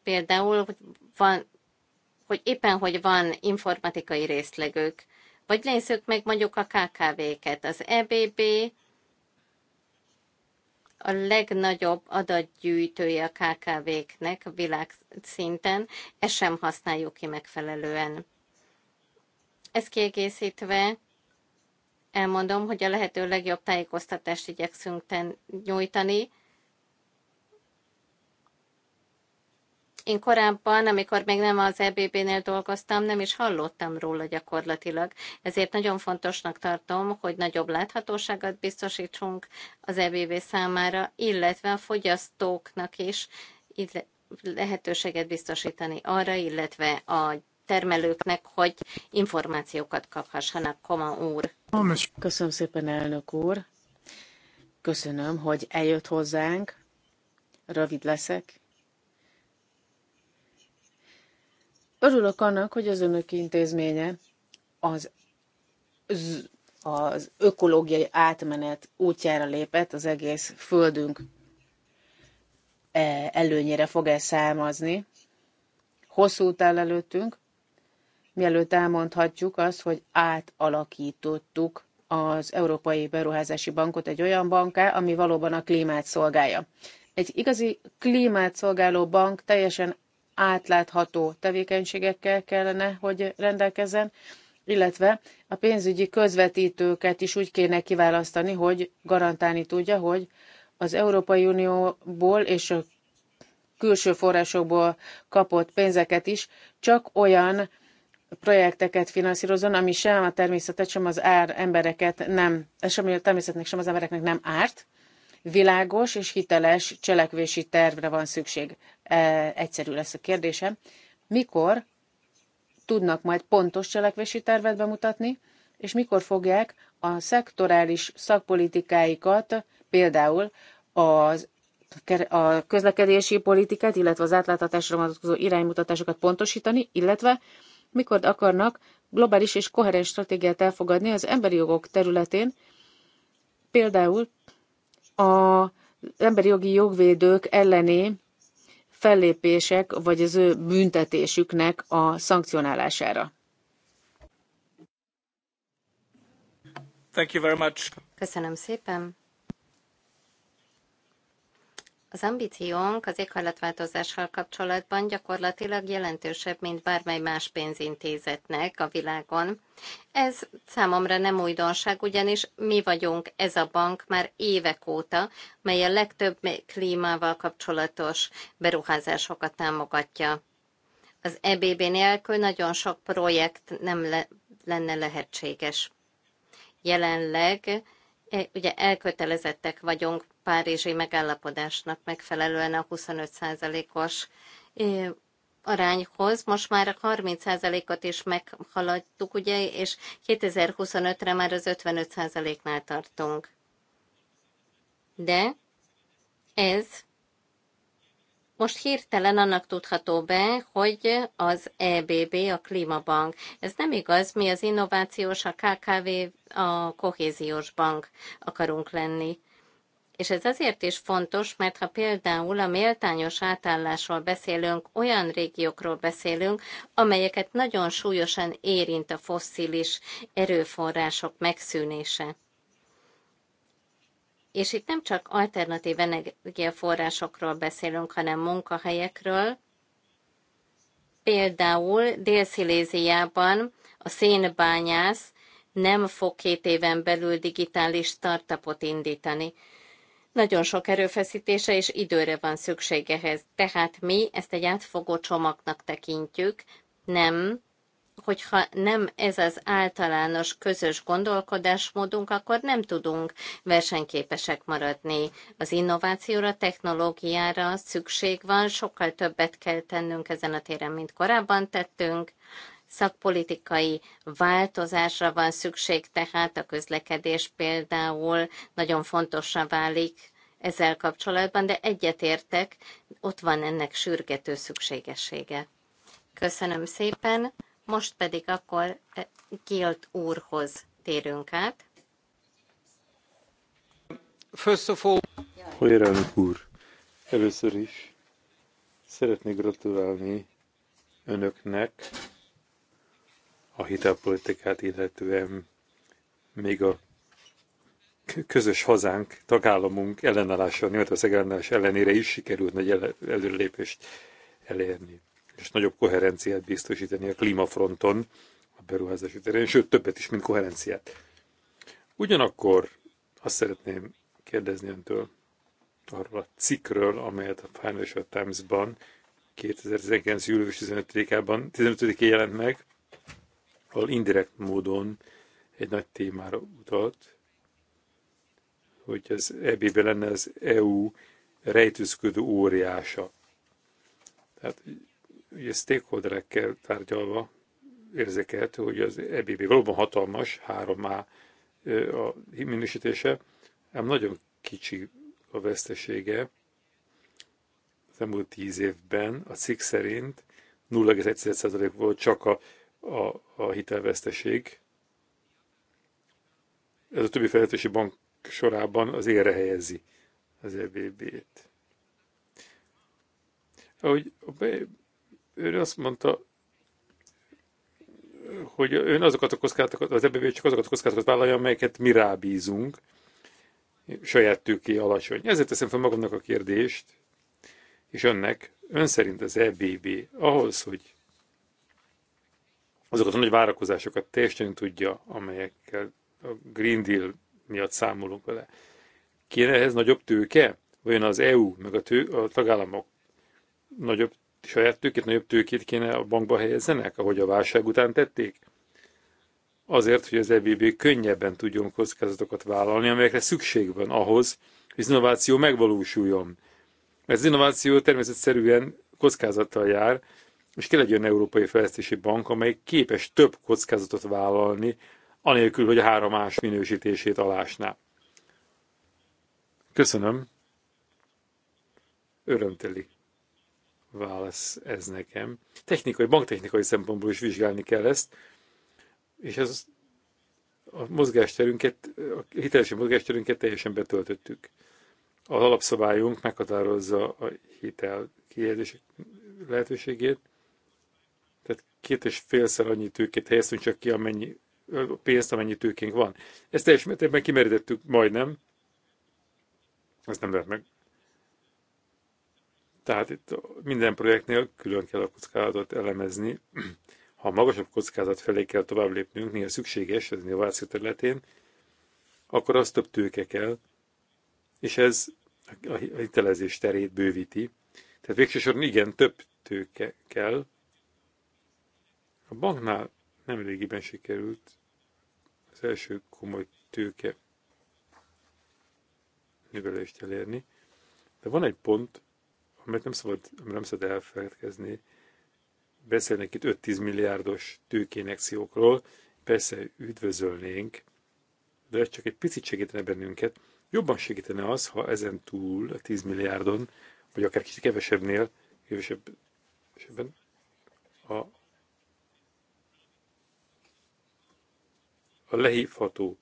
például hogy van, hogy éppen, hogy van informatikai részlegük, vagy nézzük meg mondjuk a KKV-ket. Az EBB a legnagyobb adatgyűjtője a KKV-knek világszinten, ezt sem használjuk ki megfelelően. Ezt kiegészítve elmondom, hogy a lehető legjobb tájékoztatást igyekszünk ten, nyújtani, Én korábban, amikor még nem az EBB-nél dolgoztam, nem is hallottam róla gyakorlatilag. Ezért nagyon fontosnak tartom, hogy nagyobb láthatóságot biztosítsunk az EBB számára, illetve a fogyasztóknak is lehetőséget biztosítani arra, illetve a termelőknek, hogy információkat kaphassanak, Koma úr. Köszönöm szépen, elnök úr. Köszönöm, hogy eljött hozzánk. Rövid leszek Örülök annak, hogy az önök intézménye az, az ökológiai átmenet útjára lépett, az egész földünk e, előnyére fog el származni. Hosszú utál előttünk, mielőtt elmondhatjuk azt, hogy átalakítottuk az Európai Beruházási Bankot egy olyan banká, ami valóban a klímát szolgálja. Egy igazi klímát szolgáló bank teljesen átlátható tevékenységekkel kellene, hogy rendelkezzen, illetve a pénzügyi közvetítőket is úgy kéne kiválasztani, hogy garantálni tudja, hogy az Európai Unióból és a külső forrásokból kapott pénzeket is csak olyan projekteket finanszírozon, ami sem a természetet, sem az ár embereket nem, sem a természetnek, sem az embereknek nem árt, Világos és hiteles cselekvési tervre van szükség. E, egyszerű lesz a kérdésem. Mikor tudnak majd pontos cselekvési tervet bemutatni, és mikor fogják a szektorális szakpolitikáikat, például az a közlekedési politikát, illetve az átláthatásra vonatkozó iránymutatásokat pontosítani, illetve mikor akarnak globális és koherens stratégiát elfogadni az emberi jogok területén, például az emberi jogi jogvédők elleni fellépések, vagy az ő büntetésüknek a szankcionálására. Thank you very much. Köszönöm szépen. Az ambíciónk az éghajlatváltozással kapcsolatban gyakorlatilag jelentősebb, mint bármely más pénzintézetnek a világon. Ez számomra nem újdonság, ugyanis mi vagyunk ez a bank már évek óta, mely a legtöbb klímával kapcsolatos beruházásokat támogatja. Az EBB nélkül nagyon sok projekt nem le- lenne lehetséges. Jelenleg E, ugye elkötelezettek vagyunk Párizsi megállapodásnak megfelelően a 25%-os e, arányhoz. Most már a 30%-ot is meghaladtuk, ugye, és 2025-re már az 55%-nál tartunk. De ez most hirtelen annak tudható be, hogy az EBB a klímabank. Ez nem igaz, mi az innovációs, a KKV, a kohéziós bank akarunk lenni. És ez azért is fontos, mert ha például a méltányos átállásról beszélünk, olyan régiókról beszélünk, amelyeket nagyon súlyosan érint a fosszilis erőforrások megszűnése. És itt nem csak alternatív energiaforrásokról beszélünk, hanem munkahelyekről. Például Dél-Sziléziában a szénbányász nem fog két éven belül digitális startupot indítani. Nagyon sok erőfeszítése és időre van szükségehez. Tehát mi ezt egy átfogó csomagnak tekintjük, nem hogyha nem ez az általános közös gondolkodásmódunk, akkor nem tudunk versenyképesek maradni. Az innovációra, technológiára szükség van, sokkal többet kell tennünk ezen a téren, mint korábban tettünk. Szakpolitikai változásra van szükség, tehát a közlekedés például nagyon fontosra válik ezzel kapcsolatban, de egyetértek, ott van ennek sürgető szükségessége. Köszönöm szépen! Most pedig akkor eh, Gilt úrhoz térünk át. First of all... Hajránk úr! Először is szeretnék gratulálni önöknek a hitelpolitikát illetően még a közös hazánk, tagállamunk ellenállása, Németország ellenállás ellenére is sikerült nagy előrelépést elérni és nagyobb koherenciát biztosítani a klímafronton, a beruházási terén, sőt többet is, mint koherenciát. Ugyanakkor azt szeretném kérdezni öntől arról a cikkről, amelyet a Financial Times-ban 2019. július 15-ában 15 jelent meg, ahol indirekt módon egy nagy témára utalt, hogy az eb lenne az EU rejtőzködő óriása. Tehát ugye stakeholderekkel tárgyalva érzékelt, hogy az EBB valóban hatalmas, 3A a minősítése, ám nagyon kicsi a vesztesége. Az elmúlt 10 évben a cikk szerint 0,1% volt csak a, a, a hitelveszteség. Ez a többi fejlesztési bank sorában az élre helyezi az EBB-t. Ahogy a ő azt mondta, hogy ön azokat a kockátokat, az ebből csak azokat a kockátokat vállalja, amelyeket mi rábízunk, saját tőké alacsony. Ezért teszem fel magamnak a kérdést, és önnek, ön szerint az EBB ahhoz, hogy azokat a nagy várakozásokat teljesen tudja, amelyekkel a Green Deal miatt számolunk vele. Kéne ehhez nagyobb tőke? Vajon az EU, meg a, tő, a tagállamok nagyobb saját tőkét, nagyobb tőkét kéne a bankba helyezzenek, ahogy a válság után tették? Azért, hogy az EBB könnyebben tudjon kockázatokat vállalni, amelyekre szükség van ahhoz, hogy az innováció megvalósuljon. Ez az innováció természetszerűen kockázattal jár, és kell egy olyan európai fejlesztési bank, amely képes több kockázatot vállalni, anélkül, hogy a három más minősítését alásná. Köszönöm. Örömteli válasz ez nekem. Technikai, banktechnikai szempontból is vizsgálni kell ezt, és ez a mozgásterünket, a hitelesi mozgásterünket teljesen betöltöttük. Az alapszabályunk meghatározza a hitel kihelyezés lehetőségét, tehát két és félszer annyi tőkét helyeztünk csak ki, amennyi pénzt, amennyi tőkénk van. Ezt teljes mértékben kimerítettük majdnem, ezt nem lehet meg tehát itt minden projektnél külön kell a kockázatot elemezni. Ha magasabb kockázat felé kell tovább lépnünk, néha szükséges az innováció területén, akkor az több tőke kell, és ez a hitelezés terét bővíti. Tehát végsősorban igen, több tőke kell. A banknál nemrégiben sikerült az első komoly tőke növelést elérni, de van egy pont, amit nem szabad, nem szabad elfeledkezni, beszélnek itt 5-10 milliárdos tőkénekciókról, persze üdvözölnénk, de ez csak egy picit segítene bennünket. Jobban segítene az, ha ezen túl a 10 milliárdon, vagy akár kicsit kevesebbnél, kevesebb, kevesebben a, a lehívható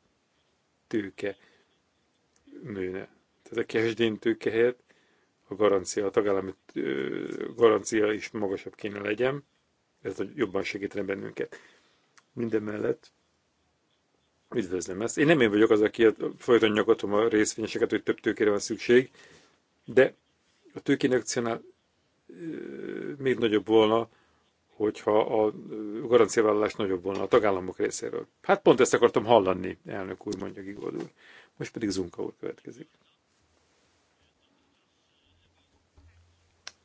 tőke nőne. Tehát a cashdén tőke helyett a garancia, a tagállami garancia is magasabb kéne legyen, ez jobban segítene bennünket. Minden mellett üdvözlöm ezt. Én nem én vagyok az, aki folyton nyakatom a részvényeseket, hogy több tőkére van szükség, de a tőkének akcionál még nagyobb volna, hogyha a garanciavállalás nagyobb volna a tagállamok részéről. Hát pont ezt akartam hallani, elnök úr mondja Gigold úr. Most pedig Zunka úr következik.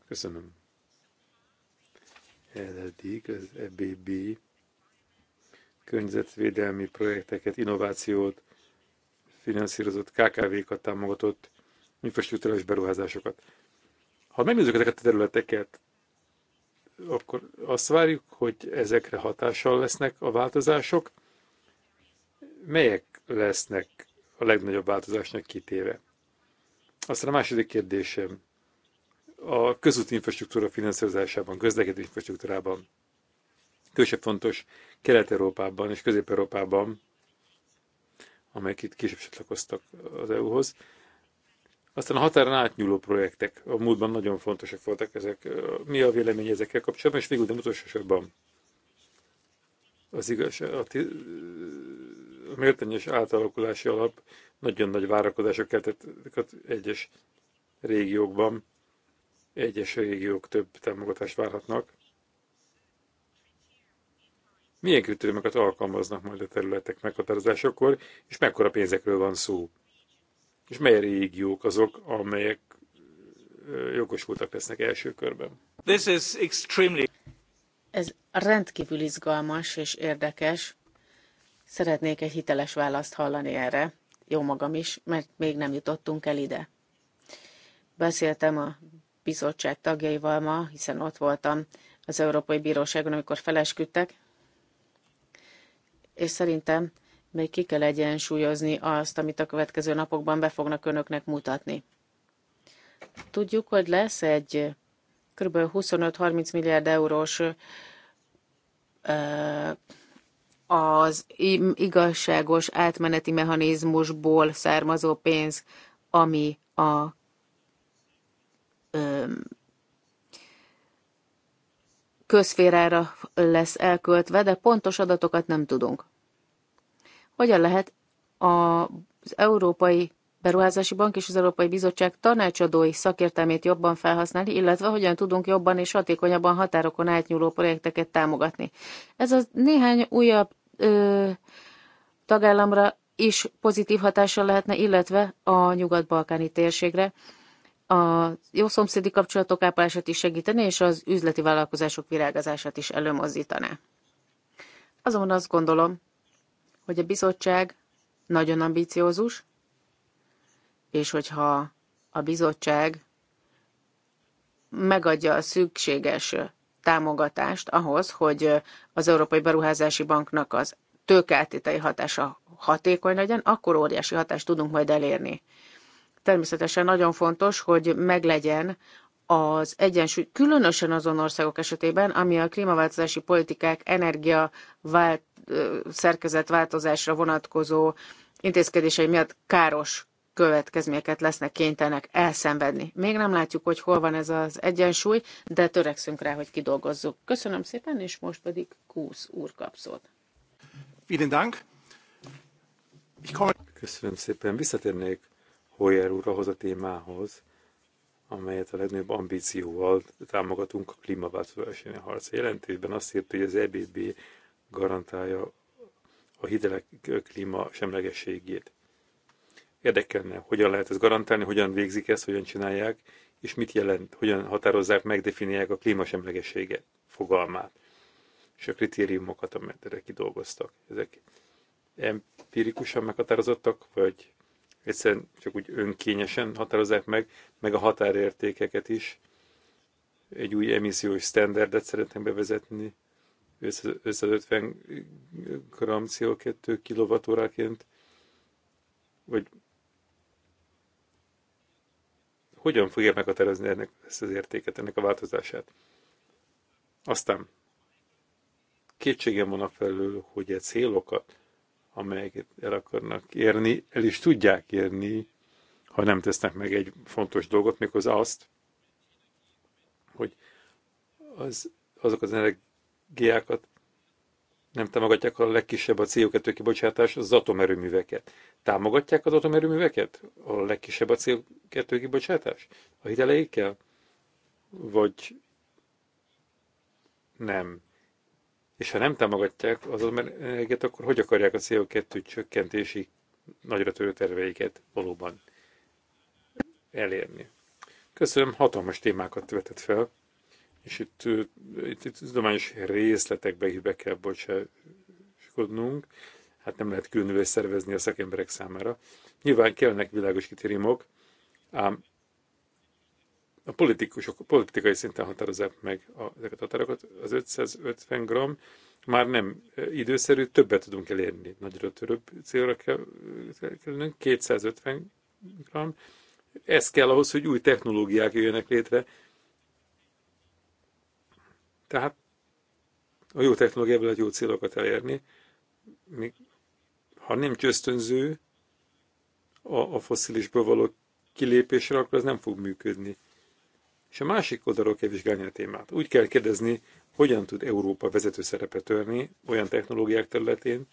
Köszönöm. Eddig az EBB környezetvédelmi projekteket, innovációt, finanszírozott KKV-kat támogatott, infrastruktúrális beruházásokat. Ha megnézzük ezeket a területeket, akkor azt várjuk, hogy ezekre hatással lesznek a változások. Melyek lesznek a legnagyobb változásnak kitéve? Aztán a második kérdésem a közúti infrastruktúra finanszírozásában, közlekedési infrastruktúrában, különösebb fontos Kelet-Európában és Közép-Európában, amelyek itt később csatlakoztak az EU-hoz. Aztán a határon átnyúló projektek, a múltban nagyon fontosak voltak ezek. Mi a vélemény ezekkel kapcsolatban, és végül de utolsó sorban az igaz, a, ti, a méltányos átalakulási alap nagyon nagy várakozások keltett egyes régiókban egyes régiók több támogatást várhatnak. Milyen kritériumokat alkalmaznak majd a területek meghatározásakor, és mekkora pénzekről van szó? És mely régiók azok, amelyek jogosultak lesznek első körben? This is extremely... Ez rendkívül izgalmas és érdekes. Szeretnék egy hiteles választ hallani erre, jó magam is, mert még nem jutottunk el ide. Beszéltem a bizottság tagjaival ma, hiszen ott voltam az Európai Bíróságon, amikor felesküdtek, és szerintem még ki kell egyensúlyozni azt, amit a következő napokban be fognak önöknek mutatni. Tudjuk, hogy lesz egy kb. 25-30 milliárd eurós az igazságos átmeneti mechanizmusból származó pénz, ami a közférára lesz elköltve, de pontos adatokat nem tudunk. Hogyan lehet az Európai Beruházási Bank és az Európai Bizottság tanácsadói szakértelmét jobban felhasználni, illetve hogyan tudunk jobban és hatékonyabban határokon átnyúló projekteket támogatni. Ez a néhány újabb ö, tagállamra is pozitív hatással lehetne, illetve a nyugat-balkáni térségre, a jó szomszédi kapcsolatok ápolását is segíteni, és az üzleti vállalkozások virágazását is előmozdítaná. Azonban azt gondolom, hogy a bizottság nagyon ambiciózus, és hogyha a bizottság megadja a szükséges támogatást ahhoz, hogy az Európai Beruházási Banknak az tőkeáttételi hatása hatékony legyen, akkor óriási hatást tudunk majd elérni. Természetesen nagyon fontos, hogy meglegyen az egyensúly, különösen azon országok esetében, ami a klímaváltozási politikák energia vált, változásra vonatkozó intézkedései miatt káros következményeket lesznek kénytelenek elszenvedni. Még nem látjuk, hogy hol van ez az egyensúly, de törekszünk rá, hogy kidolgozzuk. Köszönöm szépen, és most pedig Kúsz úr kap szót. Vielen Dank. Köszönöm szépen. Visszatérnék Hoyer úr ahhoz a témához, amelyet a legnagyobb ambícióval támogatunk a klímaváltozási harc jelentésben. Azt írta, hogy az EBB garantálja a hitelek klíma semlegességét. Érdekelne, hogyan lehet ezt garantálni, hogyan végzik ezt, hogyan csinálják, és mit jelent, hogyan határozzák, megdefinálják a klímasemlegességet fogalmát, és a kritériumokat, amelyet erre kidolgoztak. Ezek empirikusan meghatározottak, vagy egyszerűen csak úgy önkényesen határozzák meg, meg a határértékeket is. Egy új emissziós standardet szeretnénk bevezetni, 550 gram CO2 kilovatóráként, vagy hogyan fogja meghatározni ennek, ezt az értéket, ennek a változását. Aztán kétségem van a felül, hogy a e célokat amelyeket el akarnak érni, el is tudják érni, ha nem tesznek meg egy fontos dolgot, méghozzá azt, hogy az, azok az energiákat nem támogatják a legkisebb a CO2 kibocsátás, az atomerőműveket. Támogatják az atomerőműveket? A legkisebb a CO2 kibocsátás? A hiteleikkel? Vagy nem? És ha nem támogatják az atomenergiát, akkor hogy akarják a CO2 csökkentési nagyra törő terveiket valóban elérni? Köszönöm, hatalmas témákat vetett fel, és itt, itt, itt tudományos részletekbe is be kell bocsáskodnunk, hát nem lehet különülést szervezni a szakemberek számára. Nyilván kellnek világos kritériumok, ám a politikusok a politikai szinten határozzák meg a, ezeket a határokat. Az 550 g már nem e, időszerű, többet tudunk elérni. Nagyra törőbb célra kell, e, kellünk, 250 g. Ez kell ahhoz, hogy új technológiák jöjjenek létre. Tehát a jó technológiával lehet jó célokat elérni. Még, ha nem ösztönző a, a fosszilisból való kilépésre, akkor ez nem fog működni és a másik oldalról kell vizsgálni a témát. Úgy kell kérdezni, hogyan tud Európa vezető szerepe törni olyan technológiák területén,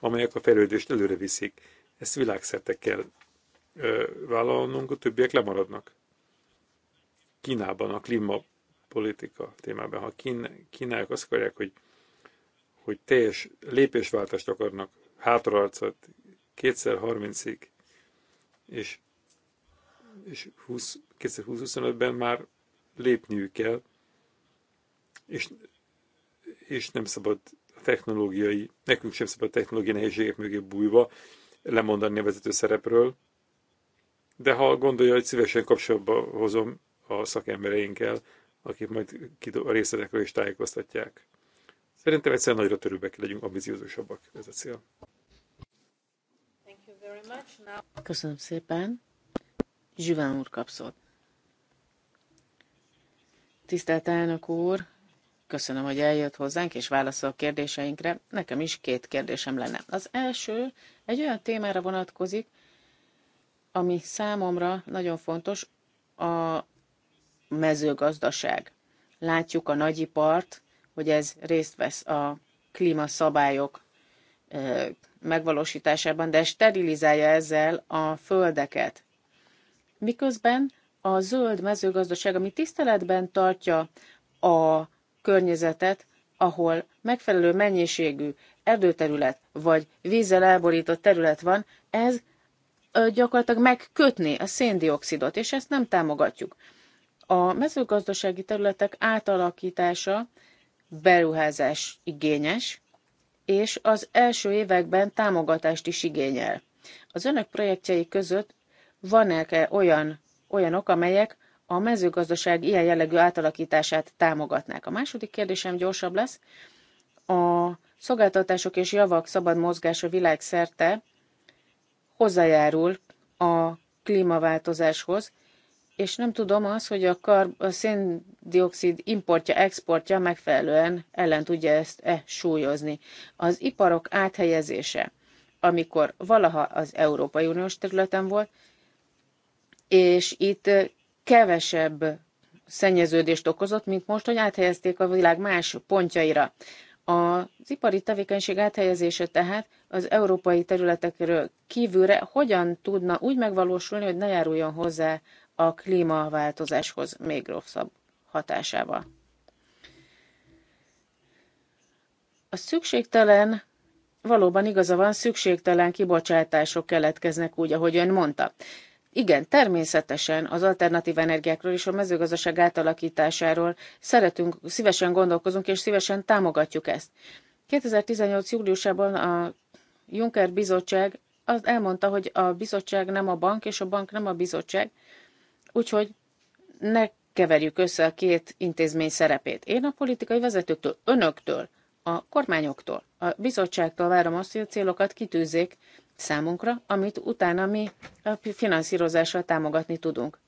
amelyek a fejlődést előre viszik. Ezt világszerte kell ö, vállalnunk, a többiek lemaradnak. Kínában a klímapolitika témában, ha kín, azt akarják, hogy, hogy teljes lépésváltást akarnak, hátraarcot kétszer harmincig, és, és 20, 2025-ben már lépniük kell, és, és nem szabad a technológiai, nekünk sem szabad technológiai nehézségek mögé bújva lemondani a vezető szerepről, de ha gondolja, hogy szívesen kapcsolatba hozom a szakembereinkkel, akik majd a részletekről is tájékoztatják. Szerintem egyszerűen nagyra törőbbek legyünk, ambiciózusabbak ez a cél. Köszönöm szépen. Zsiván úr kapszott. Tisztelt elnök úr, köszönöm, hogy eljött hozzánk és válaszol a kérdéseinkre. Nekem is két kérdésem lenne. Az első egy olyan témára vonatkozik, ami számomra nagyon fontos, a mezőgazdaság. Látjuk a nagyipart, hogy ez részt vesz a klímaszabályok megvalósításában, de sterilizálja ezzel a földeket. Miközben a zöld mezőgazdaság, ami tiszteletben tartja a környezetet, ahol megfelelő mennyiségű erdőterület vagy vízzel elborított terület van, ez gyakorlatilag megkötni a széndiokszidot, és ezt nem támogatjuk. A mezőgazdasági területek átalakítása beruházás igényes, és az első években támogatást is igényel. Az önök projektjei között van-e olyan olyanok, amelyek a mezőgazdaság ilyen jellegű átalakítását támogatnák. A második kérdésem gyorsabb lesz. A szolgáltatások és javak szabad mozgása világszerte hozzájárul a klímaváltozáshoz, és nem tudom az, hogy a, kar- a széndiokszid importja, exportja megfelelően ellen tudja ezt -e súlyozni. Az iparok áthelyezése, amikor valaha az Európai Uniós területen volt, és itt kevesebb szennyeződést okozott, mint most, hogy áthelyezték a világ más pontjaira. Az ipari tevékenység áthelyezése tehát az európai területekről kívülre hogyan tudna úgy megvalósulni, hogy ne járuljon hozzá a klímaváltozáshoz még rosszabb hatásával. A szükségtelen, valóban igaza van, szükségtelen kibocsátások keletkeznek úgy, ahogy ön mondta. Igen, természetesen az alternatív energiákról és a mezőgazdaság átalakításáról szeretünk, szívesen gondolkozunk és szívesen támogatjuk ezt. 2018. júliusában a Juncker bizottság azt elmondta, hogy a bizottság nem a bank, és a bank nem a bizottság, úgyhogy ne keverjük össze a két intézmény szerepét. Én a politikai vezetőktől, önöktől, a kormányoktól, a bizottságtól várom azt, hogy a célokat kitűzzék, számunkra, amit utána mi a finanszírozással támogatni tudunk.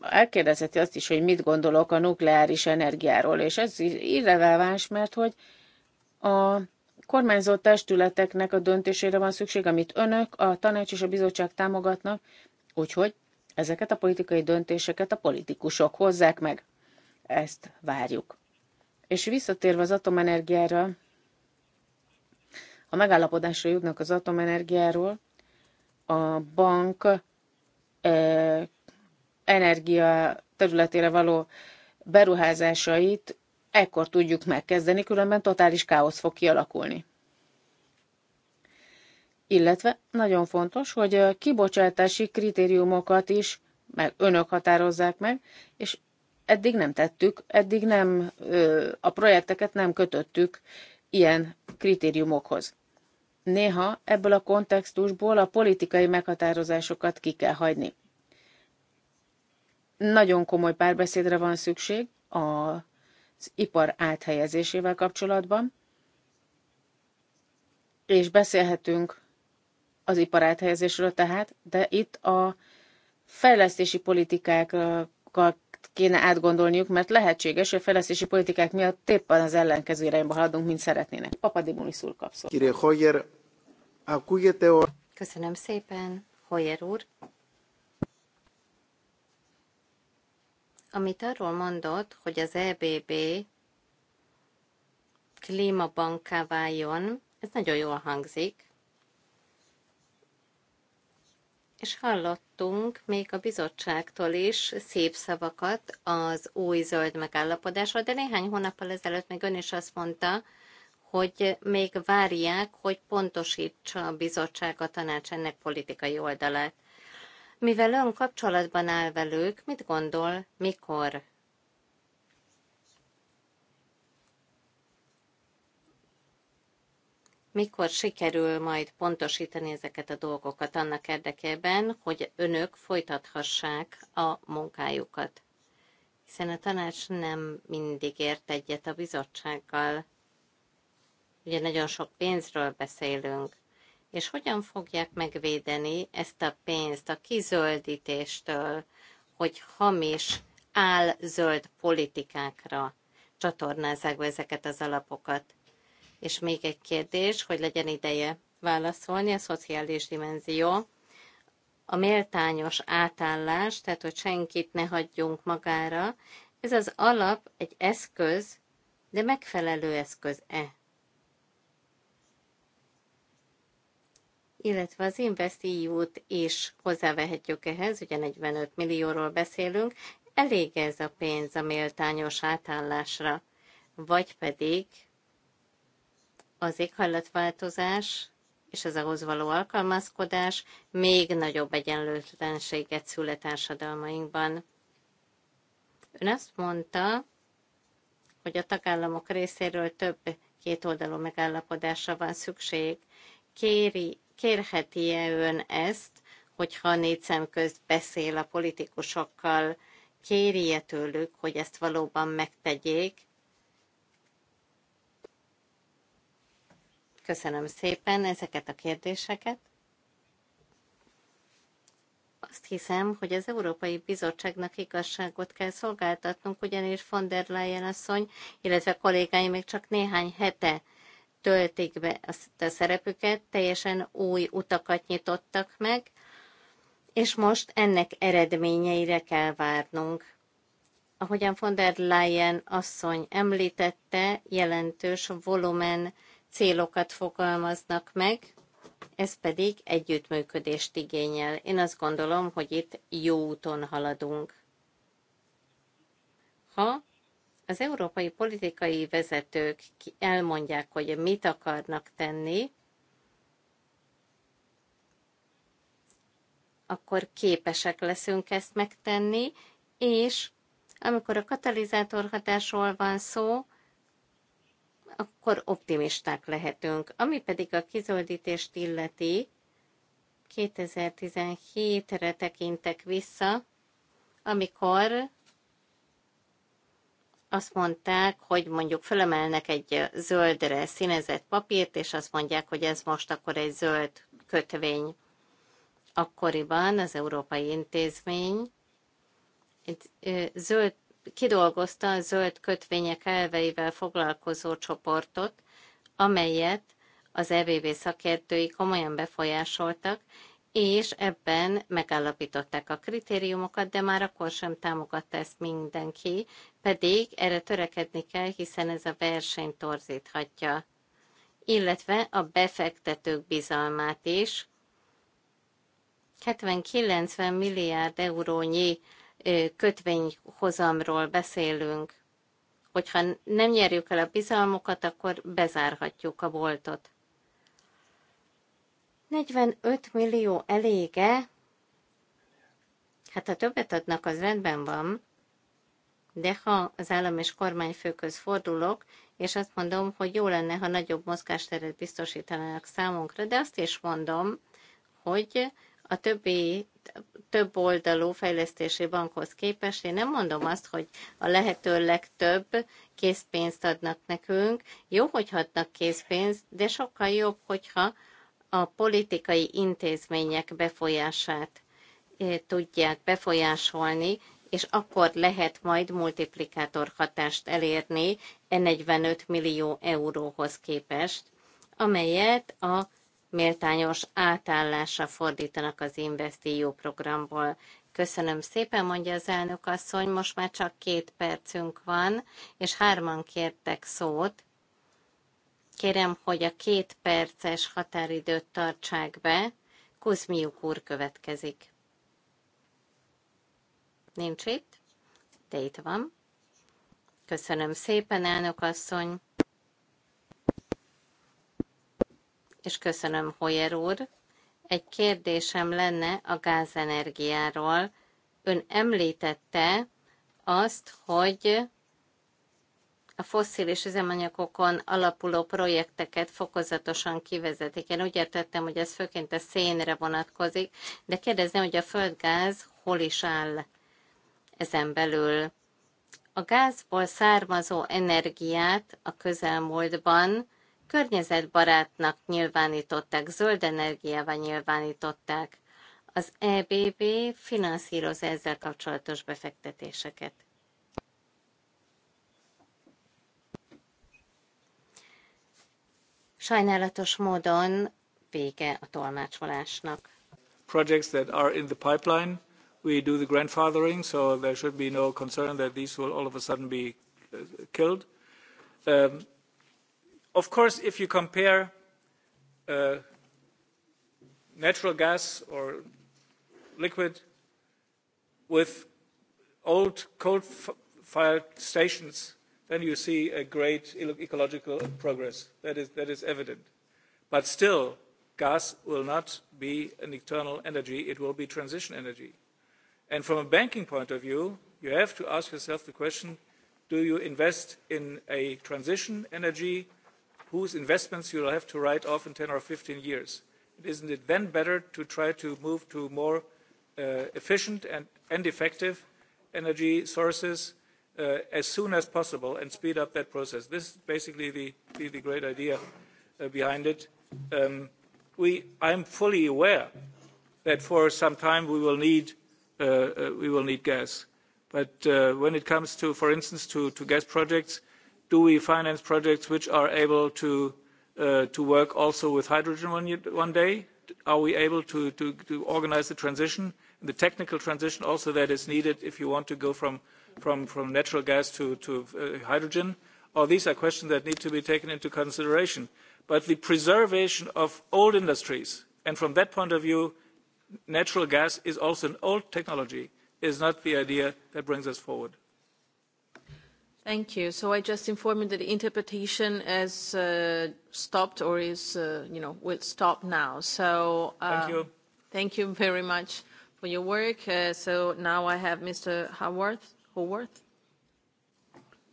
Elkérdezheti azt is, hogy mit gondolok a nukleáris energiáról, és ez irreleváns, mert hogy a kormányzó testületeknek a döntésére van szükség, amit önök, a tanács és a bizottság támogatnak, úgyhogy ezeket a politikai döntéseket a politikusok hozzák meg. Ezt várjuk. És visszatérve az atomenergiára, ha megállapodásra jutnak az atomenergiáról, a bank eh, energia területére való beruházásait ekkor tudjuk megkezdeni, különben totális káosz fog kialakulni. Illetve nagyon fontos, hogy a e, kibocsátási kritériumokat is meg önök határozzák meg, és eddig nem tettük, eddig nem e, a projekteket nem kötöttük ilyen kritériumokhoz néha ebből a kontextusból a politikai meghatározásokat ki kell hagyni. Nagyon komoly párbeszédre van szükség az ipar áthelyezésével kapcsolatban, és beszélhetünk az ipar áthelyezésről tehát, de itt a fejlesztési politikákkal kéne átgondolniuk, mert lehetséges, hogy a fejlesztési politikák miatt éppen az ellenkező irányba haladunk, mint szeretnének. Papadimulis úr kapszol. Köszönöm szépen, Hoyer úr. Amit arról mondott, hogy az EBB klímabanká váljon, ez nagyon jól hangzik, és hallottunk még a bizottságtól is szép szavakat az új zöld megállapodásról, de néhány hónappal ezelőtt még ön is azt mondta, hogy még várják, hogy pontosítsa a bizottság a tanács ennek politikai oldalát. Mivel ön kapcsolatban áll velük, mit gondol, mikor mikor sikerül majd pontosítani ezeket a dolgokat annak érdekében, hogy önök folytathassák a munkájukat. Hiszen a tanács nem mindig ért egyet a bizottsággal. Ugye nagyon sok pénzről beszélünk. És hogyan fogják megvédeni ezt a pénzt a kizöldítéstől, hogy hamis, zöld politikákra csatornázzák be ezeket az alapokat? És még egy kérdés, hogy legyen ideje válaszolni, a szociális dimenzió. A méltányos átállás, tehát hogy senkit ne hagyjunk magára, ez az alap egy eszköz, de megfelelő eszköz-e? illetve az investíjút is hozzávehetjük ehhez, ugye 45 millióról beszélünk, elég ez a pénz a méltányos átállásra, vagy pedig az éghajlatváltozás és az ahhoz való alkalmazkodás még nagyobb egyenlőtlenséget szül a társadalmainkban. Ön azt mondta, hogy a tagállamok részéről több kétoldalú megállapodásra van szükség. Kéri, kérheti-e ön ezt, hogyha négy szem közt beszél a politikusokkal, kéri-e tőlük, hogy ezt valóban megtegyék, Köszönöm szépen ezeket a kérdéseket. Azt hiszem, hogy az Európai Bizottságnak igazságot kell szolgáltatnunk, ugyanis von der Leyen asszony, illetve kollégáim még csak néhány hete töltik be a szerepüket, teljesen új utakat nyitottak meg, és most ennek eredményeire kell várnunk. Ahogyan von der Leyen asszony említette, jelentős volumen célokat fogalmaznak meg, ez pedig együttműködést igényel. Én azt gondolom, hogy itt jó úton haladunk. Ha az európai politikai vezetők elmondják, hogy mit akarnak tenni, akkor képesek leszünk ezt megtenni, és amikor a katalizátor hatásról van szó, akkor optimisták lehetünk. Ami pedig a kizöldítést illeti, 2017-re tekintek vissza, amikor azt mondták, hogy mondjuk fölemelnek egy zöldre színezett papírt, és azt mondják, hogy ez most akkor egy zöld kötvény. Akkoriban az Európai Intézmény egy zöld kidolgozta a zöld kötvények elveivel foglalkozó csoportot, amelyet az EVV szakértői komolyan befolyásoltak, és ebben megállapították a kritériumokat, de már akkor sem támogatta ezt mindenki, pedig erre törekedni kell, hiszen ez a verseny torzíthatja, illetve a befektetők bizalmát is. 70-90 milliárd eurónyi kötvényhozamról beszélünk, hogyha nem nyerjük el a bizalmukat, akkor bezárhatjuk a boltot. 45 millió elége? Hát ha többet adnak, az rendben van, de ha az állam és kormányfőköz fordulok, és azt mondom, hogy jó lenne, ha nagyobb mozgásteret biztosítanának számunkra, de azt is mondom, hogy a többi több oldalú fejlesztési bankhoz képest, én nem mondom azt, hogy a lehető legtöbb készpénzt adnak nekünk. Jó, hogy adnak készpénzt, de sokkal jobb, hogyha a politikai intézmények befolyását eh, tudják befolyásolni, és akkor lehet majd multiplikátor hatást elérni e 45 millió euróhoz képest, amelyet a méltányos átállásra fordítanak az InvestEU programból. Köszönöm szépen, mondja az elnök asszony, most már csak két percünk van, és hárman kértek szót. Kérem, hogy a két perces határidőt tartsák be. Kuzmiuk úr következik. Nincs itt, de itt van. Köszönöm szépen, elnök asszony. és köszönöm, Hoyer úr. Egy kérdésem lenne a gázenergiáról. Ön említette azt, hogy a fosszilis üzemanyagokon alapuló projekteket fokozatosan kivezetik. Én úgy értettem, hogy ez főként a szénre vonatkozik, de kérdezném, hogy a földgáz hol is áll ezen belül. A gázból származó energiát a közelmúltban környezetbarátnak nyilvánították, zöld energiával nyilvánították. Az EBB finanszíroz ezzel kapcsolatos befektetéseket. Sajnálatos módon vége a tolmácsolásnak. Projects that are in the pipeline, we do the grandfathering, so there should be no concern that these will all of a sudden be uh, killed. Um, Of course, if you compare uh, natural gas or liquid with old coal-fired stations, then you see a great e-, ecological progress. That is, that is evident. But still, gas will not be an eternal energy. It will be transition energy. And from a banking point of view, you have to ask yourself the question, do you invest in a transition energy whose investments you will have to write off in 10 or 15 years. Isn't it then better to try to move to more uh, efficient and, and effective energy sources uh, as soon as possible and speed up that process? This is basically the, the, the great idea uh, behind it. Um, we, I'm fully aware that for some time we will need, uh, uh, we will need gas. But uh, when it comes to, for instance, to, to gas projects, do we finance projects which are able to, uh, to work also with hydrogen one, day? Are we able to, to, to the transition, the technical transition also that is needed if you want to go from, from, from natural gas to, to uh, hydrogen? All these are questions that need to be taken into consideration. But the preservation of old industries, and from that point of view, natural gas is also an old technology, is not the idea that brings us forward. Thank you. So I just inform you that the interpretation has uh, stopped or is, uh, you know, will stop now. So uh, thank um, you. Thank you very much for your work. Uh, so now I have Mr. Haworth. Haworth.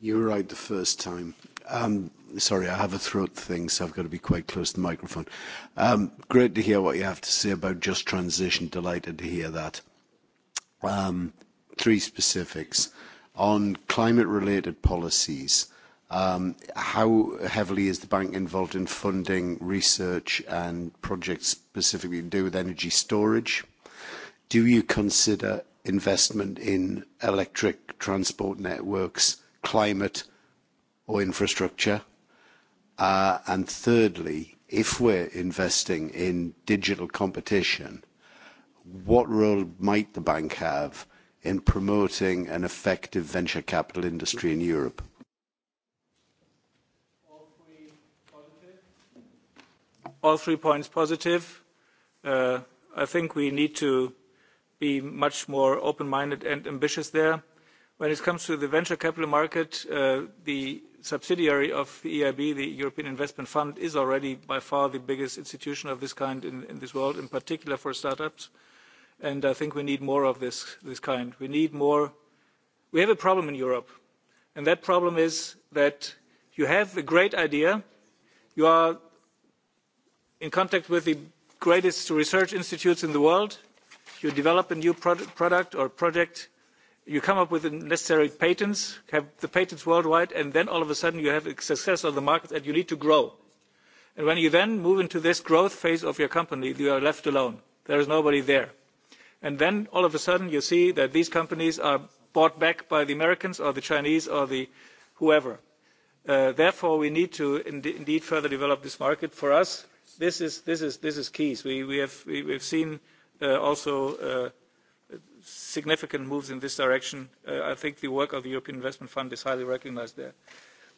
You were right the first time. Um, sorry, I have a throat thing, so I've got to be quite close to the microphone. Um, great to hear what you have to say about just transition. Delighted to hear that. Um, three specifics on climate-related policies, um, how heavily is the bank involved in funding research and projects specifically to do with energy storage? Do you consider investment in electric transport networks, climate or infrastructure? Uh, and thirdly, if we're investing in digital competition, what role might the bank have in promoting an effective venture capital industry in Europe? All three positive. All three points positive. Uh, I think we need to be much more open-minded and ambitious there. When it comes to the venture capital market, uh, the subsidiary of the EIB, the European Investment Fund, is already by far the biggest institution of this kind in, this world, in particular for startups and I think we need more of this, this kind. We need more. We have a problem in Europe, and that problem is that you have a great idea, you are in contact with the greatest research institutes in the world, you develop a new product, product or project, you come up with the necessary patents, have the patents worldwide, and then all of a sudden you have a success on the market and you need to grow. And when you then move into this growth phase of your company, you are left alone. There is nobody there And then all of a sudden you see that these companies are bought back by the Americans or the Chinese or whoever. Uh, therefore, we need to indeed further develop this market. For us, this is, key. We, have, seen uh, also uh, significant moves in this direction. I think the work of the European Investment Fund is highly recognised there.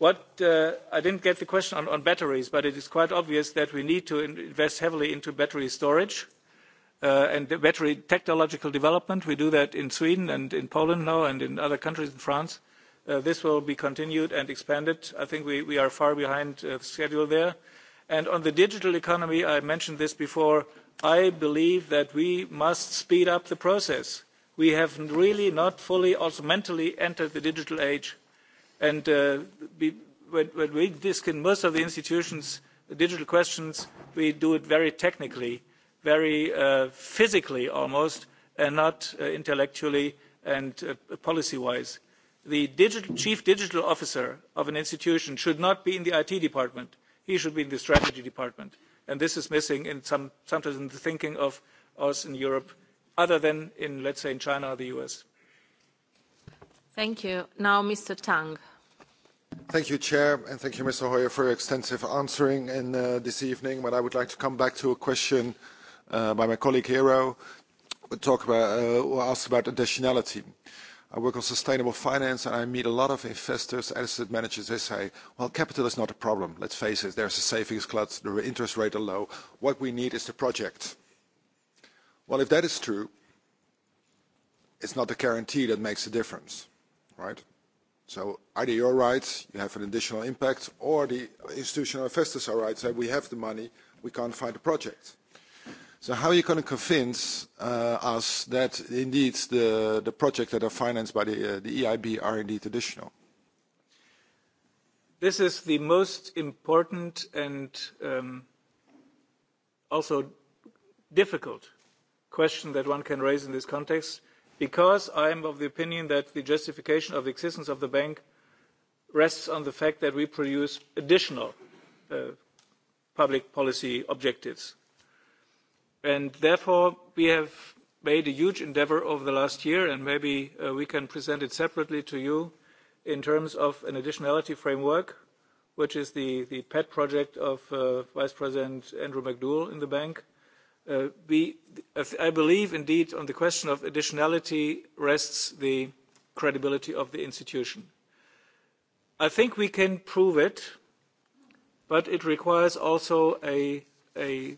I didn't get the question on, batteries, but it is quite obvious that we need to invest heavily into battery storage. Uh, and battery technological development. We do that in Sweden and in Poland now and in other countries in France. Uh, this will be continued and expanded. I think we, are far behind uh, schedule there. And on the digital economy, I mentioned this before, I believe that we must speed up the process. We have really not fully also mentally entered the digital age. And when, we discuss most of the institutions, digital questions, we do it very technically very uh, physically almost and not uh, intellectually and uh, policy wise. The digital, chief digital officer of an institution should not be in the IT department. He should be in the strategy department. And this is missing in some, sometimes in the thinking of us in Europe, other than in, let's say, in China or the US. Thank you. Now, Mr. Tang. Thank you, Chair, and thank you, Mr. Hoyer, for your extensive answering in, uh, this evening. But I would like to come back to a question uh, uh, by my colleague Hero, talk about, uh, ask about additionality. I work on sustainable finance and I meet a lot of investors, asset managers. They say, well, capital is not a problem. Let's face it, there's a savings glut, the interest rate are low. What we need is the project. Well, if that is true, it's not the guarantee that makes a difference, right? So either you're right, you have an additional impact, or the institutional investors are right, say so we have the money, we can't find a project how are you going to convince uh, us that indeed the, projects that are financed by the, uh, EIB e are indeed additional? This is the most important and um, also difficult question that one can raise in this context because I am of the opinion that the justification of the existence of the bank rests on the fact that we produce additional uh, public policy objectives And therefore, we have made a huge endeavor over the last year, and maybe uh, we can present it separately to you in terms of an additionality framework, which is the, the pet project of uh, Vice President Andrew McDougall in the bank. Uh, we, I believe, indeed, on the question of additionality rests the credibility of the institution. I think we can prove it, but it requires also a, a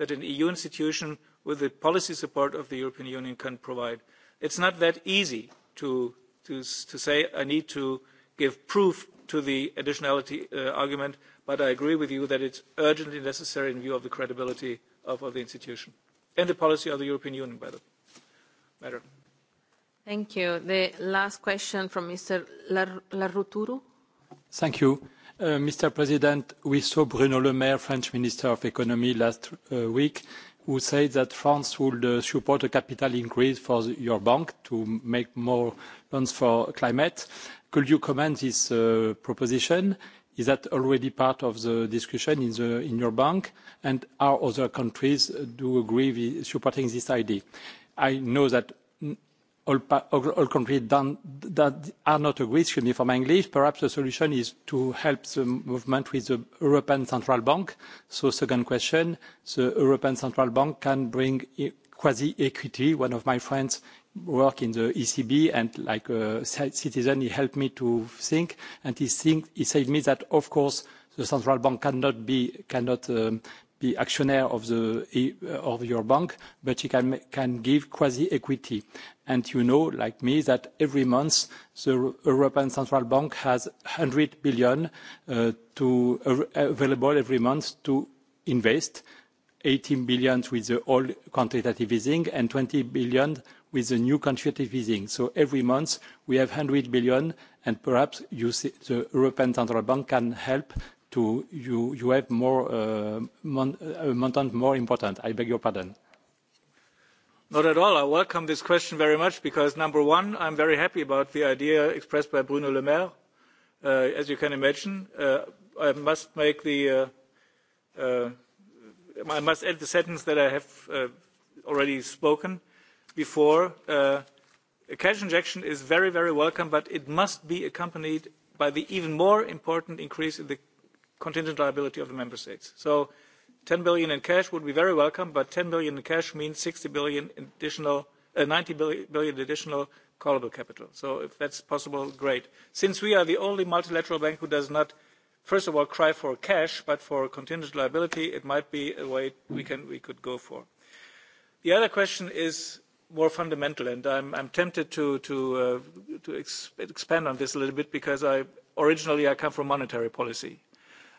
that an EU institution with the policy support of the European Union can provide. It's not that easy to, to, say I need to give proof to the additionality uh, argument, but I agree with you that it's urgently necessary in view of the credibility of, the institution and the policy of the European Union, by the matter. Thank you. The last question from Mr. Laruturu. Thank you. Uh, Mr. President, we saw Bruno Le Maire, French Minister of Economy, last uh, week, who said that France would uh, support a capital increase for the, your bank to make more loans for climate. Could you comment this uh, proposition? Is that already part of the discussion in, the, in your bank? And are other countries uh, do agree with supporting this idea? I know that all, countries that are not agreed, excuse me for my English, perhaps the solution is to help the movement with the European Central Bank. So second question, the European Central Bank can bring e, quasi-equity. One of my friends work in the ECB and like a citizen, he helped me to think and he, said to said me that of course the central bank cannot be, cannot um, be actionnaire of, the, of your bank, but you can, can give quasi-equity. And you know, like me, that every month the European Central Bank has 100 billion uh, to, uh, available every month to invest, 18 billion with the old quantitative easing and 20 billion with the new quantitative easing. So every month we have 100 billion, and perhaps you see the European Central Bank can help to you, you have more uh, mon, uh, more important. I beg your pardon. Not at all. I welcome this question very much because number one, I'm very happy about the idea expressed by Bruno Le Maire. Uh, as you can imagine, uh, I must make the uh, uh, I must end the sentence that I have uh, already spoken before. Uh, cash injection is very, very welcome, but it must be accompanied by the even more important increase in the contingent liability of the member states. So 10 billion in cash would be very welcome, but 10 billion in cash means 60 billion additional, 90 uh, billion additional callable capital. So if that's possible, great. Since we are the only multilateral bank who does not, first of all, cry for cash, but for contingent liability, it might be a way we, could go for. The other question is more fundamental, and I'm, tempted to, uh, expand on this a little bit because originally I come from monetary policy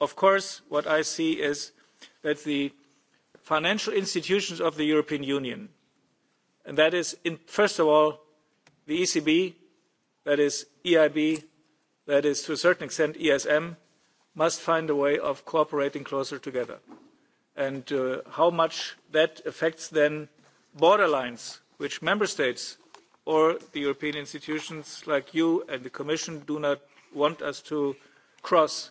of course what i see is that the financial institutions of the european union and that is first of all the ecb that is eib that is to a certain extent esm must find a way of cooperating closer together and uh, how much that affects then borderlines which member states or the european institutions like you and the commission do not want us to cross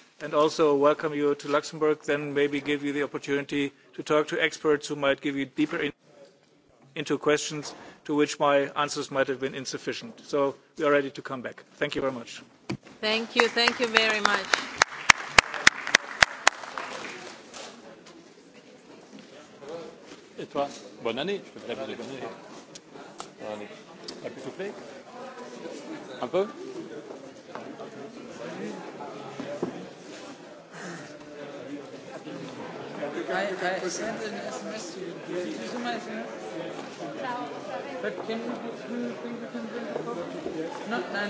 and also welcome you to Luxembourg, then maybe give you the opportunity to talk to experts who might give you deeper in into questions to which my answers might have been insufficient. So we are ready to come back. Thank you very much. Thank you. Thank you very much. Et toi, bonne année. Je te bonne année. Bonne année. T'as pu souffler Un peu I, I sent an SMS to you. Did you see my SMS? But can we, do you think we can drink a coffee? Not,